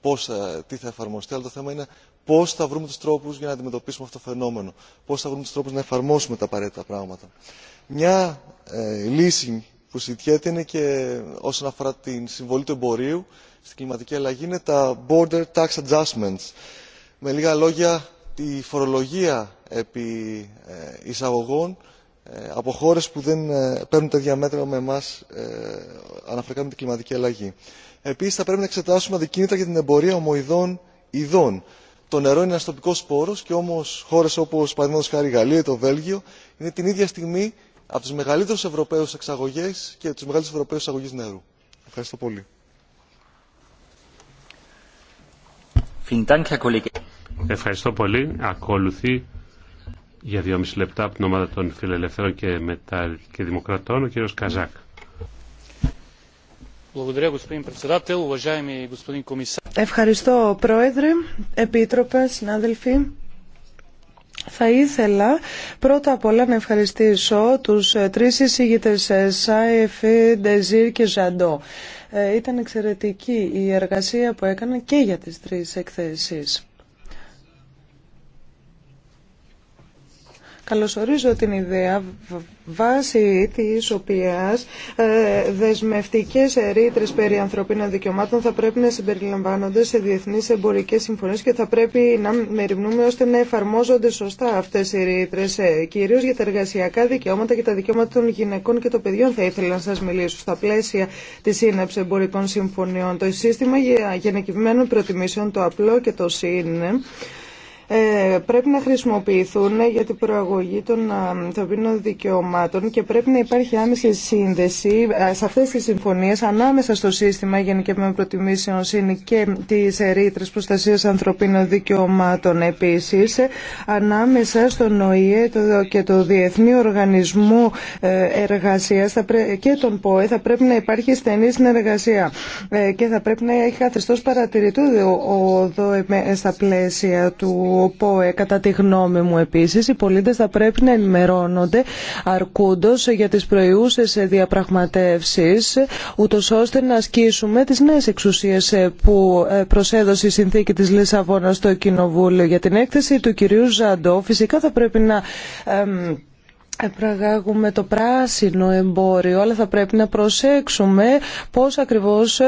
[SPEAKER 4] πώς, ε, τι θα εφαρμοστεί, αλλά το θέμα είναι πώ θα βρούμε του τρόπου για να αντιμετωπίσουμε αυτό το φαινόμενο, πώ θα βρούμε του τρόπου να εφαρμόσουμε τα απαραίτητα πράγματα. Μια ε, λύση που συζητιέται είναι και όσον αφορά την συμβολή του εμπορίου στην κλιματική αλλαγή είναι τα border tax adjustments. Με λίγα λόγια, τη φορολογία επί ε, εισαγωγών ε, από χώρε που δεν παίρνουν τα μέτρα με εμά αναφορικά με την κλιματική αλλαγή. Επίση, θα πρέπει να εξετάσουμε αντικίνητρα για την εμπορία ομοειδών ειδών το νερό είναι ένα τοπικό σπόρο και όμω χώρε όπω παραδείγματο χάρη η Γαλλία ή το Βέλγιο είναι την ίδια στιγμή από του μεγαλύτερου Ευρωπαίου εξαγωγέ και του μεγαλύτερου Ευρωπαίου εισαγωγεί νερού. Ευχαριστώ πολύ.
[SPEAKER 2] Ευχαριστώ πολύ. Ακολουθεί για δύο μισή λεπτά από την ομάδα των Φιλελευθέρων και, Μετα... και Δημοκρατών ο κύριος Καζάκ.
[SPEAKER 1] Ευχαριστώ, Πρόεδρε, Επίτροπε, συνάδελφοι. Θα ήθελα πρώτα απ' όλα να ευχαριστήσω τους τρεις εισηγητές ΣΑΕΦ, Ντεζίρ και Ζαντό. Ε, ήταν εξαιρετική η εργασία που έκανα και για τις τρεις εκθέσεις. Καλωσορίζω την ιδέα βάση της οποίας ε, δεσμευτικές ρήτρες περί ανθρωπίνων δικαιωμάτων θα πρέπει να συμπεριλαμβάνονται σε διεθνείς εμπορικές συμφωνίες και θα πρέπει να μεριμνούμε ώστε να εφαρμόζονται σωστά αυτές οι ρήτρες. Ε, κυρίως για τα εργασιακά δικαιώματα και τα δικαιώματα των γυναικών και των παιδιών θα ήθελα να σας μιλήσω στα πλαίσια της σύναψη εμπορικών συμφωνιών. Το σύστημα γενικευμένων προτιμήσεων, το απλό και το ΣΥΝ, ε, πρέπει να χρησιμοποιηθούν για την προαγωγή των ε, ανθρωπίνων δικαιωμάτων και πρέπει να υπάρχει άμεση σύνδεση ε, σε αυτές τις συμφωνίες ανάμεσα στο σύστημα γενικευμένων προτιμήσεων ΣΥΝ και τις Ερήτρες προστασίας ανθρωπίνων δικαιωμάτων επίσης ανάμεσα στον ΟΗΕ και το Διεθνή Οργανισμό Εργασίας και τον ΠΟΕ θα πρέπει να υπάρχει στενή συνεργασία και θα πρέπει να έχει καθεστώς παρατηρητού στα πλαίσια του Κατά τη γνώμη μου επίσης, οι πολίτες θα πρέπει να ενημερώνονται αρκούντος για τις προϊούσες διαπραγματεύσεις, ούτως ώστε να ασκήσουμε τις νέες εξουσίες που προσέδωσε η συνθήκη της Λισαβόνα στο Κοινοβούλιο. Για την έκθεση του κυρίου Ζαντό, φυσικά θα πρέπει να Επραγάγουμε το πράσινο εμπόριο, αλλά θα πρέπει να προσέξουμε πώς ακριβώς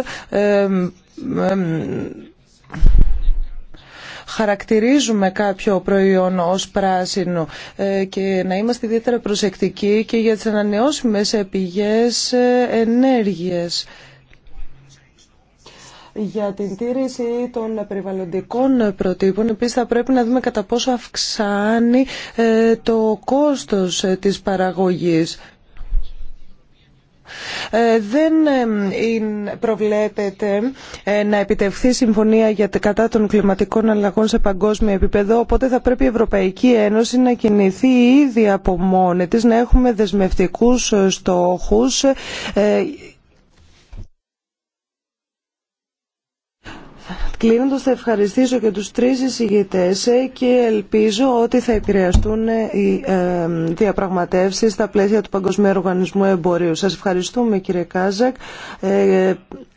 [SPEAKER 1] χαρακτηρίζουμε κάποιο προϊόν ως πράσινο ε, και να είμαστε ιδιαίτερα προσεκτικοί και για τις ανανεώσιμες πηγές ε, ενέργειες. για την τήρηση των περιβαλλοντικών προτύπων. Επίσης θα πρέπει να δούμε κατά πόσο αυξάνει ε, το κόστος της παραγωγής. Ε, δεν προβλέπεται ε, να επιτευχθεί συμφωνία για κατά των κλιματικών αλλαγών σε παγκόσμιο επίπεδο, οπότε θα πρέπει η Ευρωπαϊκή Ένωση να κινηθεί ήδη από μόνη της, να έχουμε δεσμευτικούς ε, στόχους Κλείνοντας θα ευχαριστήσω και τους τρεις εισηγητές ε, και ελπίζω ότι θα επηρεαστούν ε, οι ε, διαπραγματεύσεις στα πλαίσια του Παγκοσμίου Οργανισμού Εμπορίου. Σας ευχαριστούμε κύριε Κάζακ.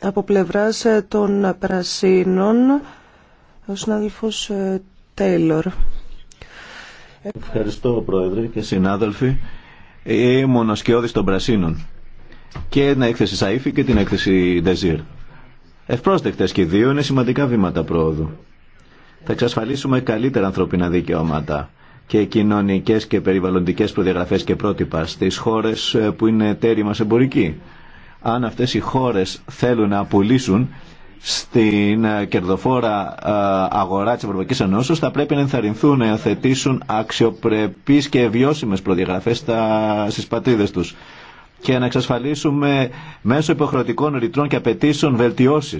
[SPEAKER 1] από πλευράς των Πρασίνων, ο συνάδελφος Τέιλορ.
[SPEAKER 3] Ευχαριστώ Πρόεδρε και συνάδελφοι. Ήμουν ο Σκιώδης των Πρασίνων και την έκθεση Σαΐφη και την έκθεση Ντεζίρ. Ευπρόσδεκτε και δύο είναι σημαντικά βήματα πρόοδου. Θα εξασφαλίσουμε καλύτερα ανθρώπινα δικαιώματα και κοινωνικέ και περιβαλλοντικές προδιαγραφές και πρότυπα στις χώρες ε, που είναι τέρη μα εμπορική. Αν αυτές οι χώρες θέλουν να πουλήσουν στην ε, κερδοφόρα ε, αγορά τη Ευρωπαϊκή τα θα πρέπει να ενθαρρυνθούν να υιοθετήσουν αξιοπρεπεί και βιώσιμε προδιαγραφέ στι στις του και να εξασφαλίσουμε μέσω υποχρεωτικών ρητρών και απαιτήσεων βελτιώσει.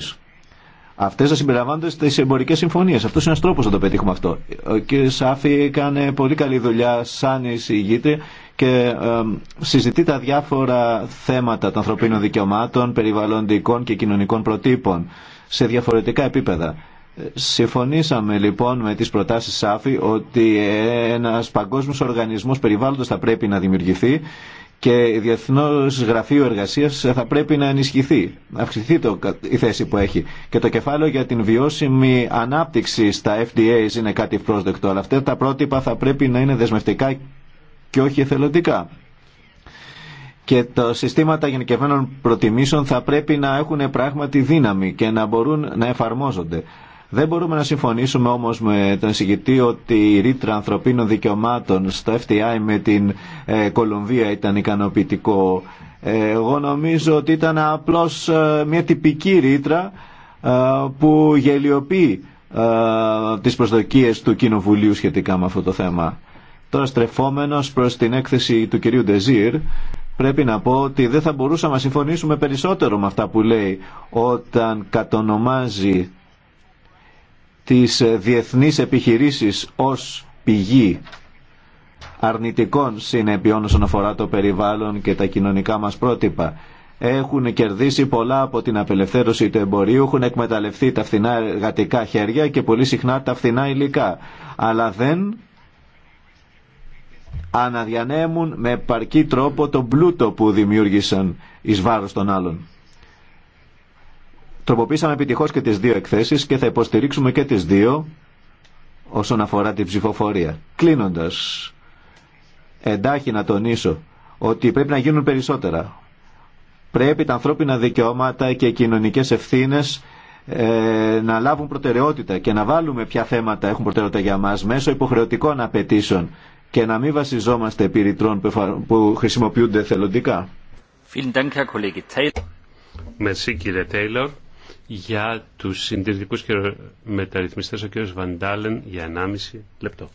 [SPEAKER 3] Αυτέ θα συμπεριλαμβάνονται στι εμπορικέ συμφωνίε. Αυτό είναι ένα τρόπο να το πετύχουμε αυτό. Ο κ. Σάφη έκανε πολύ καλή δουλειά σαν εισηγήτρια και συζητεί τα διάφορα θέματα των ανθρωπίνων δικαιωμάτων, περιβαλλοντικών και κοινωνικών προτύπων σε διαφορετικά επίπεδα. Συμφωνήσαμε λοιπόν με τις προτάσεις ΣΑΦΗ ότι ένας παγκόσμιος οργανισμός περιβάλλοντος θα πρέπει να δημιουργηθεί και διεθνώ Γραφείο εργασία θα πρέπει να ενισχυθεί, να αυξηθεί το, η θέση που έχει. Και το κεφάλαιο για την βιώσιμη ανάπτυξη στα FDA είναι κάτι πρόσδεκτο, αλλά αυτά τα πρότυπα θα πρέπει να είναι δεσμευτικά και όχι εθελοντικά. Και τα συστήματα γενικευμένων προτιμήσεων θα πρέπει να έχουν πράγματι δύναμη και να μπορούν να εφαρμόζονται. Δεν μπορούμε να συμφωνήσουμε όμως με τον συγκητή ότι η ρήτρα ανθρωπίνων δικαιωμάτων στο FTI με την ε, Κολομβία ήταν ικανοποιητικό. Ε, εγώ νομίζω ότι ήταν απλώς ε, μια τυπική ρήτρα που γελιοποιεί τις προσδοκίες του Κοινοβουλίου σχετικά με αυτό το θέμα. Τώρα στρεφόμενος προς την έκθεση του κυρίου Ντεζίρ, πρέπει να πω ότι δεν θα μπορούσαμε να συμφωνήσουμε περισσότερο με αυτά που λέει όταν κατονομάζει τις ε, διεθνείς επιχειρήσεις ως πηγή αρνητικών συνεπειών όσον αφορά το περιβάλλον και τα κοινωνικά μας πρότυπα. Έχουν κερδίσει πολλά από την απελευθέρωση του εμπορίου, έχουν εκμεταλλευτεί τα φθηνά εργατικά χέρια και πολύ συχνά τα φθηνά υλικά. Αλλά δεν αναδιανέμουν με επαρκή τρόπο τον πλούτο που δημιούργησαν εις βάρος των άλλων. Τροποποίησαμε επιτυχώ και τι δύο εκθέσει και θα υποστηρίξουμε και τι δύο όσον αφορά την ψηφοφορία. Κλείνοντα, εντάχει να τονίσω ότι πρέπει να γίνουν περισσότερα. Πρέπει τα ανθρώπινα δικαιώματα και οι κοινωνικές ευθύνες ε, να λάβουν προτεραιότητα και να βάλουμε ποια θέματα έχουν προτεραιότητα για μα μέσω υποχρεωτικών απαιτήσεων και να μην βασιζόμαστε επί που χρησιμοποιούνται θελοντικά.
[SPEAKER 2] Merci κύριε Τέιλορ για τους συντηρητικούς και μεταρρυθμιστές ο κ. Βαντάλεν για 1,5 λεπτό.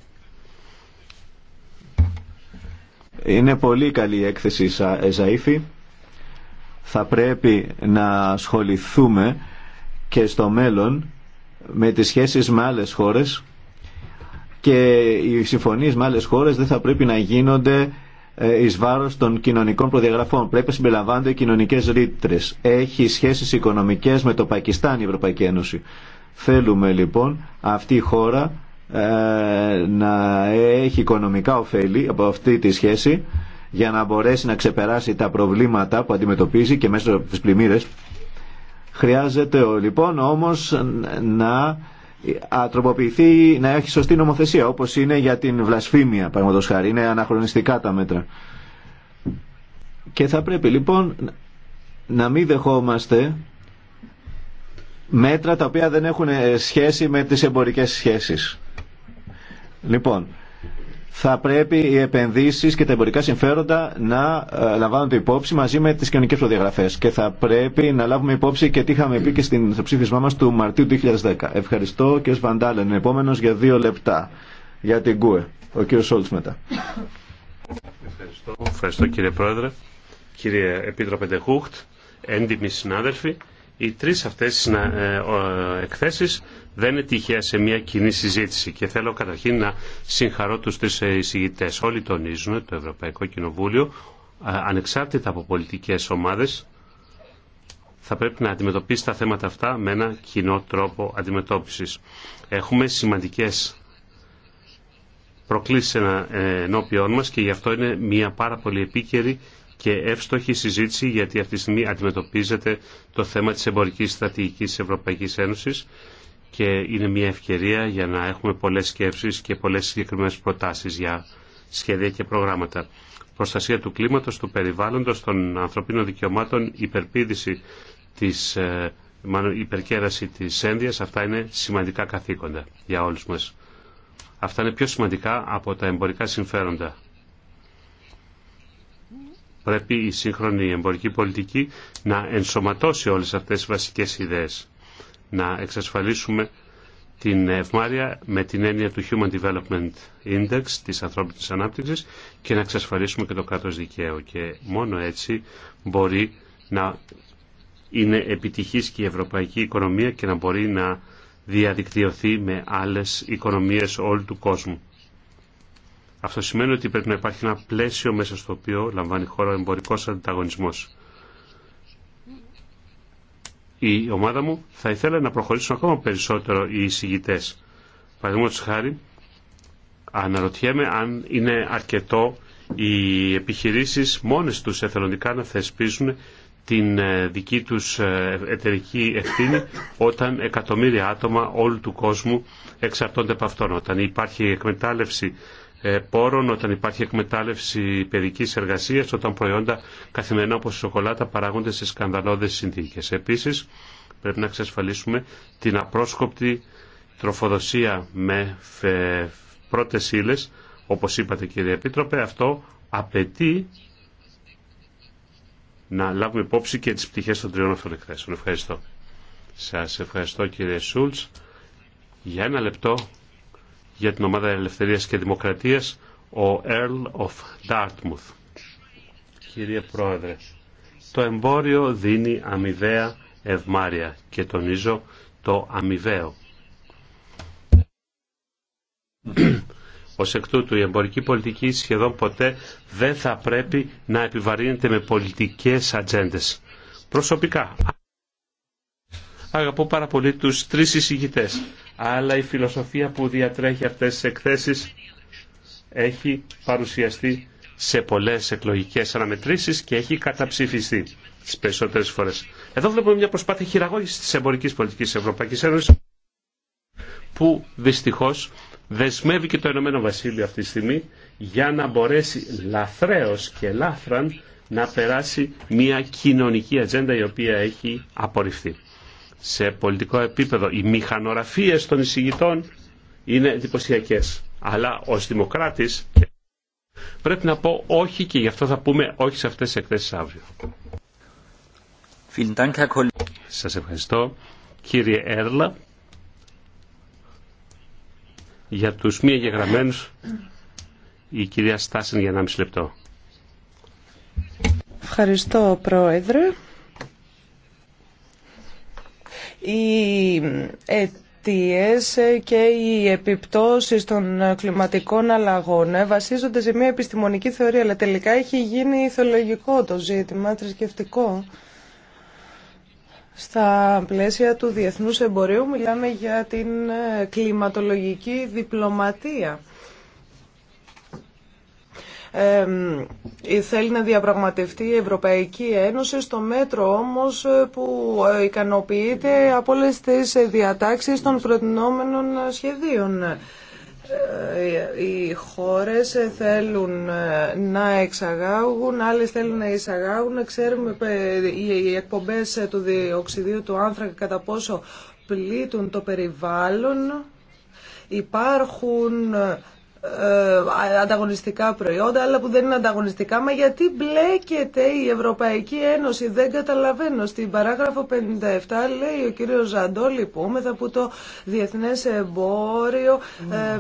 [SPEAKER 3] Είναι πολύ καλή η έκθεση ε, Ζαΐφη. Θα πρέπει να ασχοληθούμε και στο μέλλον με τις σχέσεις με άλλες χώρες και οι συμφωνίες με άλλες χώρες δεν θα πρέπει να γίνονται ε, ει βάρο των κοινωνικών προδιαγραφών. Πρέπει να συμπεριλαμβάνονται οι κοινωνικέ ρήτρε. Έχει σχέσει οικονομικέ με το Πακιστάν η Ευρωπαϊκή Ένωση. Θέλουμε λοιπόν αυτή η χώρα ε, να έχει οικονομικά ωφέλη από αυτή τη σχέση για να μπορέσει να ξεπεράσει τα προβλήματα που αντιμετωπίζει και μέσα από πλημμύρε. Χρειάζεται λοιπόν όμως να ατροποποιηθεί να έχει σωστή νομοθεσία, όπως είναι για την βλασφήμια, παραδείγματο χάρη. Είναι αναχρονιστικά τα μέτρα. Και θα πρέπει λοιπόν να μην δεχόμαστε μέτρα τα οποία δεν έχουν ε, σχέση με τις εμπορικές σχέσεις. Λοιπόν, θα πρέπει οι επενδύσει και τα εμπορικά συμφέροντα να ε, λαμβάνονται υπόψη μαζί με τι κοινωνικέ προδιαγραφέ. Και θα πρέπει να λάβουμε υπόψη και τι είχαμε πει και στο ψήφισμά μα του Μαρτίου 2010. Ευχαριστώ, κ. Βαντάλεν. Επόμενο για δύο λεπτά. Για την ΚΟΕ. Ο κ. Σόλτ μετά.
[SPEAKER 2] Ευχαριστώ. Ευχαριστώ, κύριε Πρόεδρε. Κύριε Επίτροπε Ντεχούχτ, έντιμοι συνάδελφοι, οι τρεις αυτές ε, ε, εκθέσεις δεν είναι τυχαία σε μια κοινή συζήτηση και θέλω καταρχήν να συγχαρώ τους τρεις ε, εισηγητές. Όλοι τονίζουν το Ευρωπαϊκό Κοινοβούλιο ε, ανεξάρτητα από πολιτικές ομάδες θα πρέπει να αντιμετωπίσει τα θέματα αυτά με ένα κοινό τρόπο αντιμετώπισης. Έχουμε σημαντικές προκλήσεις ε, ενώπιόν μας και γι' αυτό είναι μια πάρα πολύ επίκαιρη και εύστοχη συζήτηση γιατί αυτή τη στιγμή αντιμετωπίζεται το θέμα της εμπορικής στρατηγικής της Ευρωπαϊκής Ένωσης και είναι μια ευκαιρία για να έχουμε πολλές σκέψεις και πολλές συγκεκριμένε προτάσεις για σχέδια και προγράμματα. Προστασία του κλίματος, του περιβάλλοντος, των ανθρωπίνων δικαιωμάτων, υπερπίδηση της, ε, υπερκέραση της ένδυας, αυτά είναι σημαντικά καθήκοντα για όλους μας. Αυτά είναι πιο σημαντικά από τα εμπορικά συμφέροντα. Πρέπει η σύγχρονη εμπορική πολιτική να ενσωματώσει όλες αυτές τις βασικές ιδέες να εξασφαλίσουμε την ευμάρεια με την έννοια του Human Development Index της ανθρώπινης ανάπτυξης και να εξασφαλίσουμε και το κράτο δικαίου. Και μόνο έτσι μπορεί να είναι επιτυχής και η ευρωπαϊκή οικονομία και να μπορεί να διαδικτυωθεί με άλλες οικονομίες όλου του κόσμου. Αυτό σημαίνει ότι πρέπει να υπάρχει ένα πλαίσιο μέσα στο οποίο λαμβάνει χώρα εμπορικός ανταγωνισμός η ομάδα μου θα ήθελε να προχωρήσουν ακόμα περισσότερο οι εισηγητέ. Παραδείγματο χάρη, αναρωτιέμαι αν είναι αρκετό οι επιχειρήσεις μόνες τους εθελοντικά να θεσπίζουν την ε, δική τους ε, εταιρική ευθύνη όταν εκατομμύρια άτομα όλου του κόσμου εξαρτώνται από αυτόν. Όταν υπάρχει εκμετάλλευση ε, πόρων, όταν υπάρχει εκμετάλλευση παιδικής εργασίας, όταν προϊόντα καθημερινά όπως η σοκολάτα παράγονται σε σκανδαλώδες συνθήκες. Επίσης, πρέπει να εξασφαλίσουμε την απρόσκοπτη τροφοδοσία με πρώτες ύλες, όπως είπατε κύριε Επίτροπε, αυτό απαιτεί να λάβουμε υπόψη και τις πτυχές των τριών αυτών εκθέσεων. Ευχαριστώ. Σας ευχαριστώ κύριε Σούλτς. Για ένα λεπτό για την ομάδα Ελευθερίας και Δημοκρατίας, ο Earl of Dartmouth. Κύριε Πρόεδρε, το εμπόριο δίνει αμοιβαία ευμάρια και τονίζω το αμοιβαίο. Ω εκ τούτου η εμπορική πολιτική σχεδόν ποτέ δεν θα πρέπει να επιβαρύνεται με πολιτικέ ατζέντε. Προσωπικά αγαπώ πάρα πολύ του τρει εισηγητέ αλλά η φιλοσοφία που διατρέχει αυτές τις εκθέσεις έχει παρουσιαστεί σε πολλές εκλογικές αναμετρήσεις και έχει καταψηφιστεί τις περισσότερες φορές. Εδώ βλέπουμε μια προσπάθεια χειραγώγησης της εμπορικής πολιτικής της Ευρωπαϊκής Ένωσης που δυστυχώς δεσμεύει και το Ηνωμένο Βασίλειο αυτή τη στιγμή για να μπορέσει λαθρέως και λάθραν να περάσει μια κοινωνική ατζέντα η οποία έχει απορριφθεί σε πολιτικό επίπεδο. Οι μηχανογραφίες των εισηγητών είναι εντυπωσιακέ. Αλλά ως δημοκράτης πρέπει να πω όχι και γι' αυτό θα πούμε όχι σε αυτές τις εκθέσει αύριο. Σας ευχαριστώ κύριε Έρλα για τους μη εγγεγραμμένους η κυρία Στάσεν για μισή λεπτό.
[SPEAKER 1] Ευχαριστώ πρόεδρε οι αιτίες και οι επιπτώσεις των κλιματικών αλλαγών βασίζονται σε μια επιστημονική θεωρία, αλλά τελικά έχει γίνει ηθολογικό το ζήτημα, θρησκευτικό. Στα πλαίσια του διεθνούς εμπορίου μιλάμε για την κλιματολογική διπλωματία. Ε, θέλει να διαπραγματευτεί η Ευρωπαϊκή Ένωση στο μέτρο όμως ε, που ε, ικανοποιείται από όλε τι διατάξεις των προτινόμενων σχεδίων. Οι χώρες θέλουν να εξαγάγουν, άλλες θέλουν να εισαγάγουν. Ξέρουμε οι εκπομπές του διοξιδίου του άνθρακα κατά πόσο πλήττουν το περιβάλλον. Υπάρχουν ε, ανταγωνιστικά προϊόντα, αλλά που δεν είναι ανταγωνιστικά. Μα γιατί μπλέκεται η Ευρωπαϊκή Ένωση, δεν καταλαβαίνω. Στην παράγραφο 57 λέει ο κύριος Ζαντό, λυπούμεθα λοιπόν, που το διεθνές εμπόριο ναι.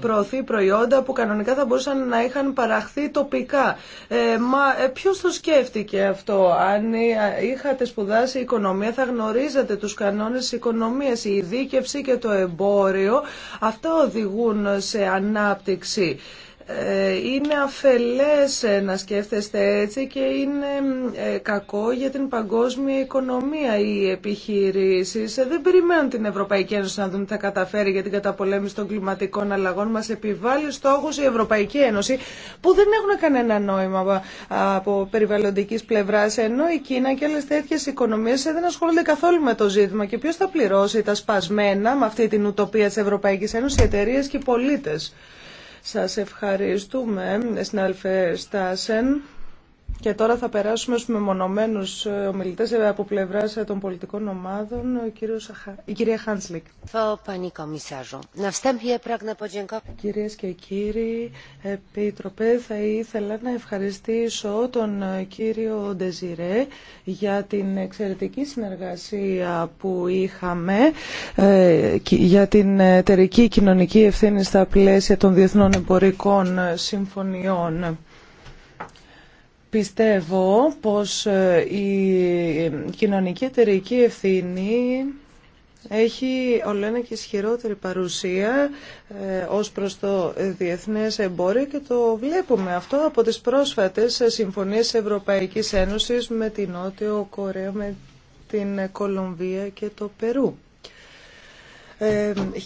[SPEAKER 1] προωθεί προϊόντα που κανονικά θα μπορούσαν να είχαν παραχθεί τοπικά. Ε, μα ε, ποιος το σκέφτηκε αυτό. Αν ε, είχατε σπουδάσει οικονομία θα γνωρίζατε του κανόνε οικονομία, Η ειδίκευση και το εμπόριο αυτά οδηγούν σε ανάπτυξη ανάπτυξη. Ε, είναι αφελές να σκέφτεστε έτσι και είναι ε, κακό για την παγκόσμια οικονομία οι επιχειρήσεις. Ε, δεν περιμένουν την Ευρωπαϊκή Ένωση να δουν τι θα καταφέρει για την καταπολέμηση των κλιματικών αλλαγών. Μας επιβάλλει στόχους η Ευρωπαϊκή Ένωση που δεν έχουν κανένα νόημα από περιβαλλοντική πλευράς. Ενώ η Κίνα και άλλες τέτοιες οικονομίες δεν ασχολούνται καθόλου με το ζήτημα. Και ποιο θα πληρώσει τα σπασμένα με αυτή την ουτοπία της Ευρωπαϊκής Ένωσης, οι εταιρείε και οι πολίτες. Σας ευχαριστούμε, συνάδελφε Στάσεν. Και τώρα θα περάσουμε στους μεμονωμένους ε, ομιλητές ε, από πλευράς ε, των πολιτικών ομάδων, ο κύριος, η κυρία Χάνσλικ. Κυρίες και κύριοι, Επίτροπε, θα ήθελα να ευχαριστήσω τον κύριο Ντεζιρέ για την εξαιρετική συνεργασία που είχαμε για την εταιρική κοινωνική ευθύνη στα πλαίσια των διεθνών εμπορικών συμφωνιών. Πιστεύω πως ε, η κοινωνική εταιρική ευθύνη έχει ολένα και ισχυρότερη παρουσία ε, ως προς το διεθνές εμπόριο και το βλέπουμε αυτό από τις πρόσφατες συμφωνίες Ευρωπαϊκής Ένωσης με την Νότιο Κορέα, με την Κολομβία και το Περού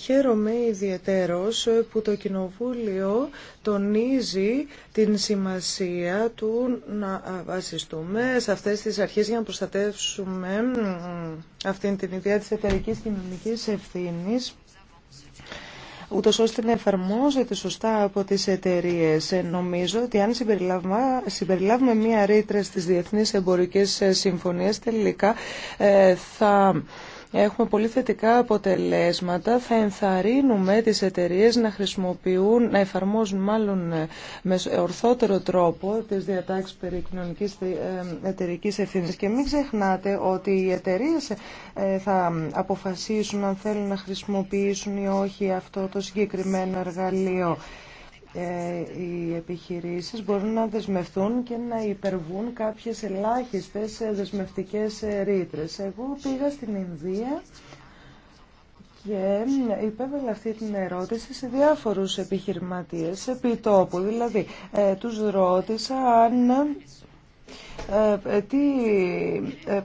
[SPEAKER 1] χαίρομαι ιδιαιτέρως που το Κοινοβούλιο τονίζει την σημασία του να βασιστούμε σε αυτές τις αρχές για να προστατεύσουμε αυτήν την ιδέα της εταιρικής κοινωνικής ευθύνης ούτω ώστε να εφαρμόζεται σωστά από τι εταιρείε. Νομίζω ότι αν συμπεριλάβουμε, συμπεριλάβουμε μία ρήτρα στι διεθνεί εμπορικέ ε, συμφωνίε, τελικά ε, θα Έχουμε πολύ θετικά αποτελέσματα. Θα ενθαρρύνουμε τις εταιρείες να χρησιμοποιούν, να εφαρμόζουν μάλλον ε, με ορθότερο τρόπο τις διατάξεις περί κοινωνικής ε, εταιρικής ευθύνης. Και μην ξεχνάτε ότι οι εταιρείες ε, θα αποφασίσουν αν θέλουν να χρησιμοποιήσουν ή όχι αυτό το συγκεκριμένο εργαλείο. Ε, οι επιχειρήσεις μπορούν να δεσμευτούν και να υπερβούν κάποιες ελάχιστες δεσμευτικές ρήτρες. Εγώ πήγα στην Ινδία και υπέβαλα αυτή την ερώτηση σε διάφορους επιχειρηματίες επί τόπου. Δηλαδή, ε, τους ρώτησα αν ε, τι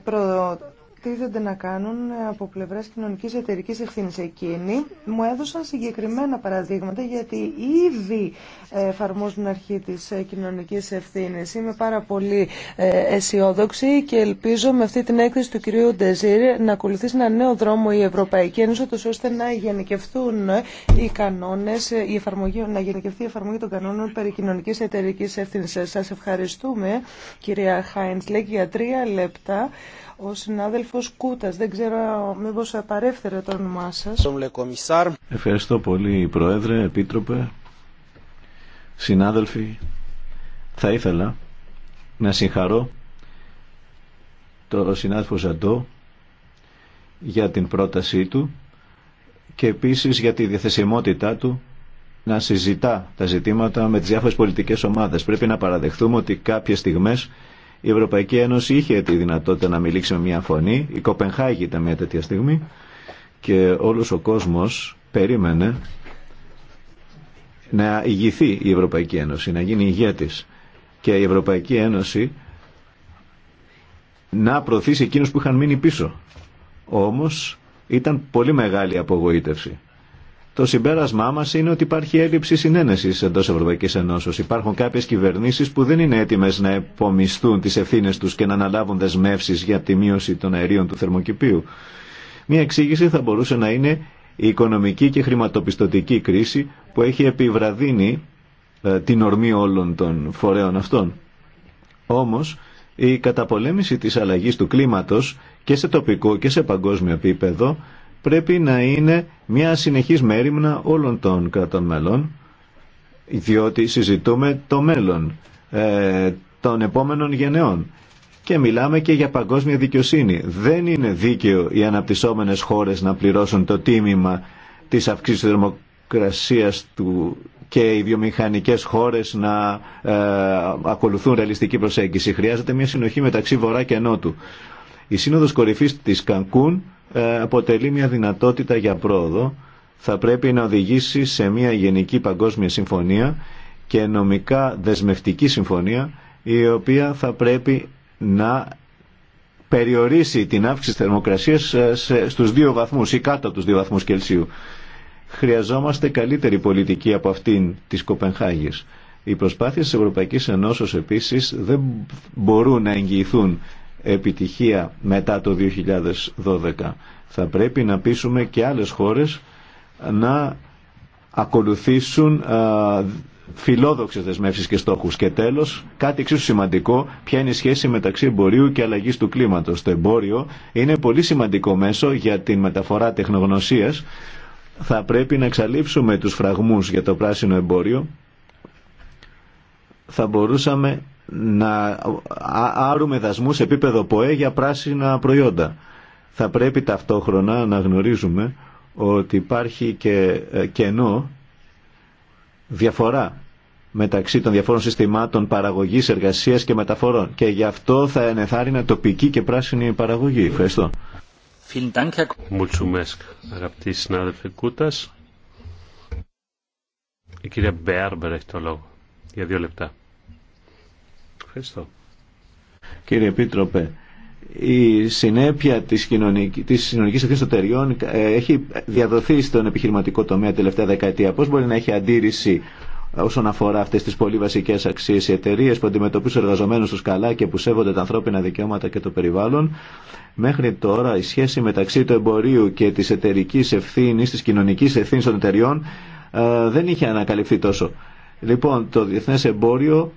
[SPEAKER 1] προ τίθενται να κάνουν από πλευράς κοινωνικής εταιρικής ευθύνης εκείνη. Μου έδωσαν συγκεκριμένα παραδείγματα γιατί ήδη εφαρμόζουν αρχή της κοινωνικής ευθύνης. Είμαι πάρα πολύ ε, αισιόδοξη και ελπίζω με αυτή την έκθεση του κυρίου Ντεζίρ να ακολουθήσει ένα νέο δρόμο η Ευρωπαϊκή Ένωση ώστε να γενικευτούν οι κανόνες, η εφαρμογή, να γενικευτεί η εφαρμογή των κανόνων περί κοινωνικής εταιρικής ευθύνης. Σας ευχαριστούμε κυρία Χάιντς για τρία λεπτά ο συνάδελφος Κούτας, δεν ξέρω μήπως απαρέφερε το όνομά σας.
[SPEAKER 3] Ευχαριστώ πολύ Πρόεδρε, Επίτροπε, συνάδελφοι. Θα ήθελα να συγχαρώ τον συνάδελφο Ζαντό για την πρότασή του και επίσης για τη διαθεσιμότητά του να συζητά τα ζητήματα με τις διάφορες πολιτικές ομάδες. Πρέπει να παραδεχθούμε ότι κάποιες στιγμές η Ευρωπαϊκή Ένωση είχε τη δυνατότητα να μιλήσει με μια φωνή. Η Κοπενχάγη ήταν μια τέτοια στιγμή και όλος ο κόσμος περίμενε να ηγηθεί η Ευρωπαϊκή Ένωση, να γίνει ηγέτης και η Ευρωπαϊκή Ένωση να προωθήσει εκείνους που είχαν μείνει πίσω. Όμως ήταν πολύ μεγάλη απογοήτευση. Το συμπέρασμά μα είναι ότι υπάρχει έλλειψη συνένεση εντό Ευρωπαϊκή Ενώσεω. Υπάρχουν κάποιε κυβερνήσει που δεν είναι έτοιμε να επομισθούν τι ευθύνε του και να αναλάβουν δεσμεύσει για τη μείωση των αερίων του θερμοκηπίου. Μία εξήγηση θα μπορούσε να είναι η οικονομική και χρηματοπιστωτική κρίση που έχει επιβραδύνει ε, την ορμή όλων των φορέων αυτών. Όμω, η καταπολέμηση τη αλλαγή του κλίματο και σε τοπικό και σε παγκόσμιο επίπεδο πρέπει να είναι μια συνεχής μέρημνα όλων των κρατών μελών, διότι συζητούμε το μέλλον ε, των επόμενων γενεών. Και μιλάμε και για παγκόσμια δικαιοσύνη. Δεν είναι δίκαιο οι αναπτυσσόμενες χώρες να πληρώσουν το τίμημα της αυξής της δημοκρασίας του και οι βιομηχανικές χώρες να ε, ακολουθούν ρεαλιστική προσέγγιση. Χρειάζεται μια συνοχή μεταξύ Βορρά και Νότου. Η Σύνοδος Κορυφής της Κανκούν ε, αποτελεί μια δυνατότητα για πρόοδο. Θα πρέπει να οδηγήσει σε μια γενική παγκόσμια συμφωνία και νομικά δεσμευτική συμφωνία η οποία θα πρέπει να περιορίσει την αύξηση της θερμοκρασίας ε, στους δύο βαθμούς ή κάτω από τους δύο βαθμούς Κελσίου. Χρειαζόμαστε καλύτερη πολιτική από αυτήν της Κοπενχάγης. Οι προσπάθειες της Ευρωπαϊκής Ενώσεως επίσης δεν μπορούν να εγγυηθούν επιτυχία μετά το 2012. Θα πρέπει να πείσουμε και άλλες χώρες να ακολουθήσουν φιλόδοξες δεσμεύσεις και στόχους. Και τέλος, κάτι εξίσου σημαντικό, ποια είναι η σχέση μεταξύ εμπορίου και αλλαγής του κλίματος. Το εμπόριο είναι πολύ σημαντικό μέσο για την μεταφορά τεχνογνωσίας. Θα πρέπει να εξαλείψουμε τους φραγμούς για το πράσινο εμπόριο. Θα μπορούσαμε να άρουμε δασμού σε επίπεδο ΠΟΕ για πράσινα προϊόντα. Θα πρέπει ταυτόχρονα να γνωρίζουμε ότι υπάρχει και ε, κενό διαφορά μεταξύ των διαφόρων συστημάτων παραγωγής, εργασίας και μεταφορών. Και γι' αυτό θα ενεθάρρυνα τοπική και πράσινη παραγωγή. Ευχαριστώ.
[SPEAKER 2] Μουτσουμέσκ, αγαπητοί συνάδελφοι Κούτας. Η κυρία Μπέαρμπερ έχει το λόγο για δύο λεπτά. Ευχαριστώ.
[SPEAKER 3] Κύριε Επίτροπε, η συνέπεια της κοινωνική, της των εταιριών ε, έχει διαδοθεί στον επιχειρηματικό τομέα τελευταία δεκαετία. Πώς μπορεί να έχει αντίρρηση όσον αφορά αυτές τις πολύ βασικές αξίες οι εταιρείε που αντιμετωπίζουν εργαζομένους τους καλά και που σέβονται τα ανθρώπινα δικαιώματα και το περιβάλλον μέχρι τώρα η σχέση μεταξύ του εμπορίου και της εταιρική ευθύνη, της κοινωνικής ευθύνης των εταιριών ε, δεν είχε ανακαλυφθεί τόσο. Λοιπόν, το διεθνέ εμπόριο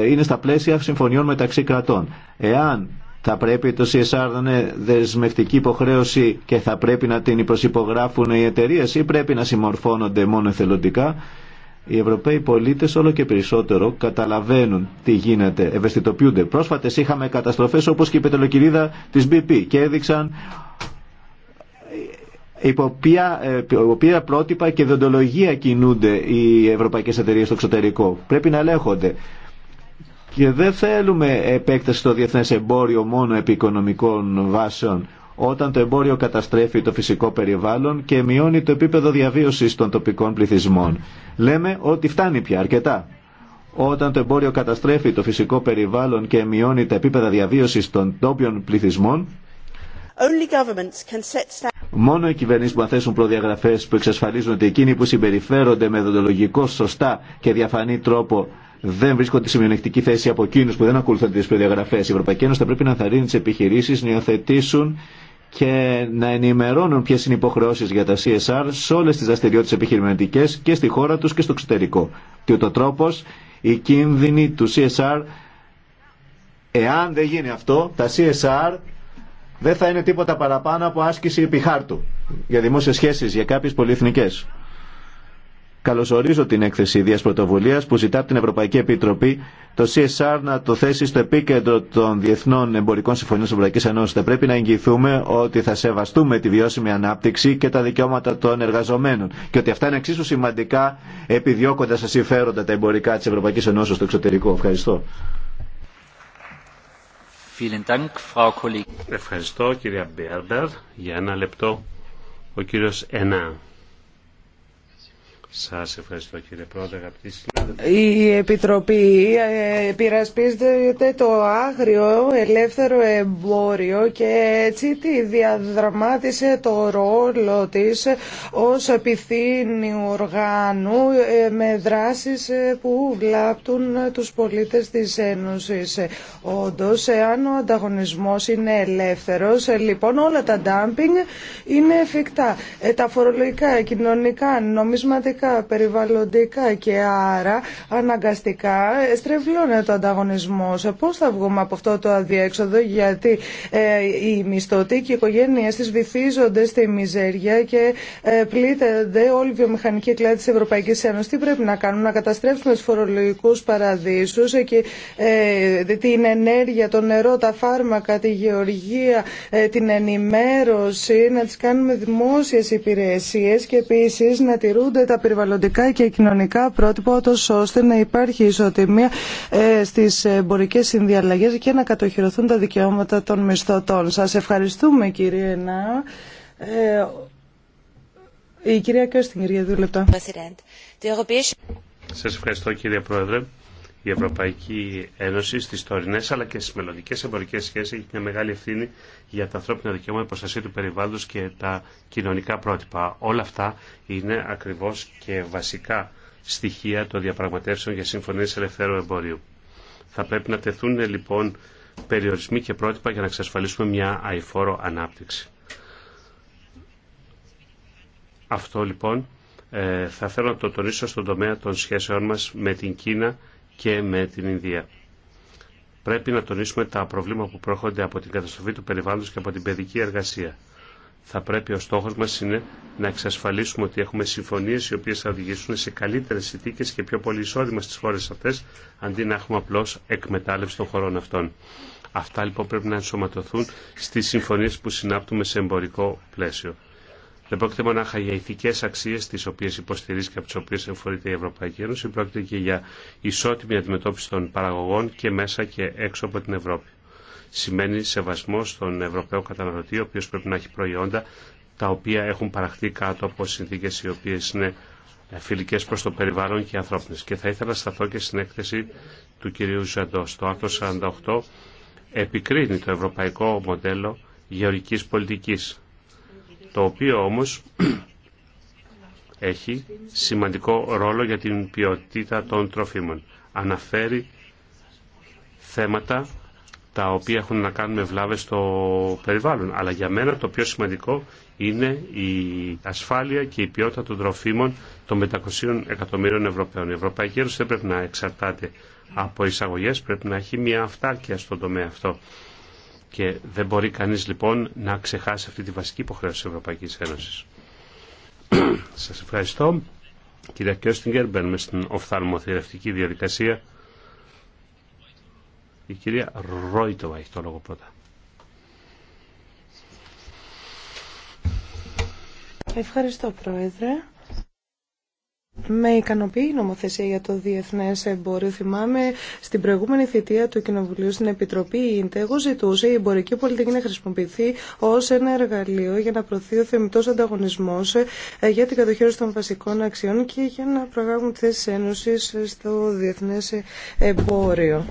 [SPEAKER 3] ε, είναι στα πλαίσια συμφωνιών μεταξύ κρατών. Εάν θα πρέπει το CSR να είναι δεσμευτική υποχρέωση και θα πρέπει να την υποσυπογράφουν οι εταιρείε ή πρέπει να συμμορφώνονται μόνο εθελοντικά. Οι Ευρωπαίοι πολίτε όλο και περισσότερο καταλαβαίνουν τι γίνεται, ευαισθητοποιούνται. Πρόσφατε είχαμε καταστροφέ όπω και η πετρελοκυρίδα τη BP και έδειξαν υπό ποια, υπό ε, ποια πρότυπα και δοντολογία κινούνται οι ευρωπαϊκές εταιρείες στο εξωτερικό. Πρέπει να ελέγχονται. Και δεν θέλουμε επέκταση στο διεθνές εμπόριο μόνο επί οικονομικών βάσεων όταν το εμπόριο καταστρέφει το φυσικό περιβάλλον και μειώνει το επίπεδο διαβίωσης των τοπικών πληθυσμών. Λέμε ότι φτάνει πια αρκετά. Όταν το εμπόριο καταστρέφει το φυσικό περιβάλλον και μειώνει τα επίπεδα διαβίωσης των τόπιων πληθυσμών, Μόνο οι κυβερνήσει που θα θέσουν προδιαγραφέ που εξασφαλίζουν ότι εκείνοι που συμπεριφέρονται με δοντολογικό σωστά και διαφανή τρόπο δεν βρίσκονται σε μειονεκτική θέση από εκείνου που δεν ακολουθούν τι προδιαγραφέ. Η Ευρωπαϊκή Ένωση θα πρέπει να ενθαρρύνει τι επιχειρήσει να υιοθετήσουν και να ενημερώνουν ποιε είναι οι υποχρεώσει για τα CSR σε όλε τι δραστηριότητε επιχειρηματικέ και στη χώρα του και στο εξωτερικό. Και ούτω τρόπο οι κίνδυνοι του CSR, εάν δεν γίνει αυτό, τα CSR δεν θα είναι τίποτα παραπάνω από άσκηση επιχάρτου για δημόσιες σχέσεις, για κάποιες πολυεθνικές. Καλωσορίζω την έκθεση ιδία πρωτοβουλία που ζητά από την Ευρωπαϊκή Επιτροπή το CSR να το θέσει στο επίκεντρο των διεθνών εμπορικών συμφωνιών τη Ευρωπαϊκή Ένωση. Θα πρέπει να εγγυηθούμε ότι θα σεβαστούμε τη βιώσιμη ανάπτυξη και τα δικαιώματα των εργαζομένων και ότι αυτά είναι εξίσου σημαντικά επιδιώκοντα τα συμφέροντα τα εμπορικά τη Ευρωπαϊκή Ένωση στο εξωτερικό. Ευχαριστώ.
[SPEAKER 2] Ευχαριστώ κυρία Μπέρμπερ. Για ένα λεπτό ο κύριος Ενά. Σας ευχαριστώ κύριε Πρόεδρε, αγαπητοί συνάδελφοι.
[SPEAKER 1] Η Επιτροπή επειρασπίζεται το άγριο ελεύθερο εμπόριο και έτσι τη διαδραμάτισε το ρόλο της ως επιθύνη οργάνου ε, με δράσεις ε, που βλάπτουν τους πολίτες της Ένωσης. Όντως, εάν ο ανταγωνισμός είναι ελεύθερος, ε, λοιπόν όλα τα ντάμπινγκ είναι εφικτά. Τα φορολογικά, κοινωνικά, νομισματικά περιβαλλοντικά και άρα αναγκαστικά στρεβλώνεται ο ανταγωνισμό. Πώ θα βγούμε από αυτό το αδιέξοδο γιατί ε, οι μισθωτοί και οι οικογένειε τη βυθίζονται στη μιζέρια και ε, όλη η βιομηχανική κλάδη τη Ευρωπαϊκή Ένωση, Τι πρέπει να κάνουν, να καταστρέψουμε του φορολογικού παραδείσους ε, και ε, την ενέργεια, το νερό, τα φάρμακα, τη γεωργία, ε, την ενημέρωση, να τι κάνουμε δημόσιε υπηρεσίε και επίση να τηρούνται τα περιβαλλοντικά περιβαλλοντικά και κοινωνικά πρότυπα, ώστε να υπάρχει ισοτιμία ε, στι εμπορικέ συνδιαλλαγέ και να κατοχυρωθούν τα δικαιώματα των μισθωτών. Σα ευχαριστούμε, κύριε Νά. Ε, η κυρία Κέστιγκερ για δύο λεπτά.
[SPEAKER 2] Σας ευχαριστώ κύριε Πρόεδρε. Η Ευρωπαϊκή Ένωση στι τωρινέ αλλά και στι μελλοντικέ εμπορικέ σχέσει έχει μια μεγάλη ευθύνη για τα ανθρώπινα δικαιώματα, προστασία του περιβάλλοντο και τα κοινωνικά πρότυπα. Όλα αυτά είναι ακριβώ και βασικά στοιχεία των διαπραγματεύσεων για συμφωνίε ελευθέρου εμπορίου. Θα πρέπει να τεθούν λοιπόν περιορισμοί και πρότυπα για να εξασφαλίσουμε μια αηφόρο ανάπτυξη. Αυτό λοιπόν ε, θα θέλω να το τονίσω στον τομέα των σχέσεών μας με την Κίνα και με την Ινδία. Πρέπει να τονίσουμε τα προβλήματα που προέρχονται από την καταστροφή του περιβάλλοντος και από την παιδική εργασία. Θα πρέπει ο στόχος μας είναι να εξασφαλίσουμε ότι έχουμε συμφωνίες οι οποίες θα οδηγήσουν σε καλύτερες συνθήκες και πιο πολύ εισόδημα στις χώρες αυτές, αντί να έχουμε απλώς εκμετάλλευση των χωρών αυτών. Αυτά λοιπόν πρέπει να ενσωματωθούν στις συμφωνίες που συνάπτουμε σε εμπορικό πλαίσιο. Δεν πρόκειται μονάχα για ηθικέ αξίε, τι οποίε υποστηρίζει και από τι οποίε εμφορείται η Ευρωπαϊκή Ένωση, πρόκειται και για ισότιμη αντιμετώπιση των παραγωγών και μέσα και έξω από την Ευρώπη. Σημαίνει σεβασμό στον Ευρωπαίο καταναλωτή, ο οποίο πρέπει να έχει προϊόντα τα οποία έχουν παραχθεί κάτω από συνθήκε οι οποίε είναι φιλικέ προ το περιβάλλον και ανθρώπινε. Και θα ήθελα να σταθώ και στην έκθεση του κυρίου Ζαντό. Το άρθρο 48 επικρίνει το ευρωπαϊκό μοντέλο γεωργική πολιτική το οποίο όμως έχει σημαντικό ρόλο για την ποιότητα των τροφίμων. Αναφέρει θέματα τα οποία έχουν να κάνουν με βλάβες στο περιβάλλον. Αλλά για μένα το πιο σημαντικό είναι η ασφάλεια και η ποιότητα των τροφίμων των 500 εκατομμύριων Ευρωπαίων. Η Ευρωπαϊκή Ένωση δεν πρέπει να εξαρτάται από εισαγωγές, πρέπει να έχει μια αυτάρκεια στον τομέα αυτό. Και δεν μπορεί κανείς λοιπόν να ξεχάσει αυτή τη βασική υποχρέωση της Ευρωπαϊκής Ένωσης. Σας ευχαριστώ. Κυρία Κιώστιγκερ, μπαίνουμε στην οφθαλμοθερευτική διαδικασία. Η κυρία Ρόιτοβα έχει το λόγο πρώτα.
[SPEAKER 1] Ευχαριστώ Πρόεδρε. Με ικανοποιεί η νομοθεσία για το διεθνέ εμπόριο. Θυμάμαι στην προηγούμενη θητεία του Κοινοβουλίου στην Επιτροπή ΙΝΤΕ, εγώ ζητούσε η εμπορική πολιτική να χρησιμοποιηθεί ω ένα εργαλείο για να προωθεί ο θεμητό ανταγωνισμό ε, για την κατοχήρωση των βασικών αξιών και για να προγράμουν τη Ένωση στο διεθνέ εμπόριο.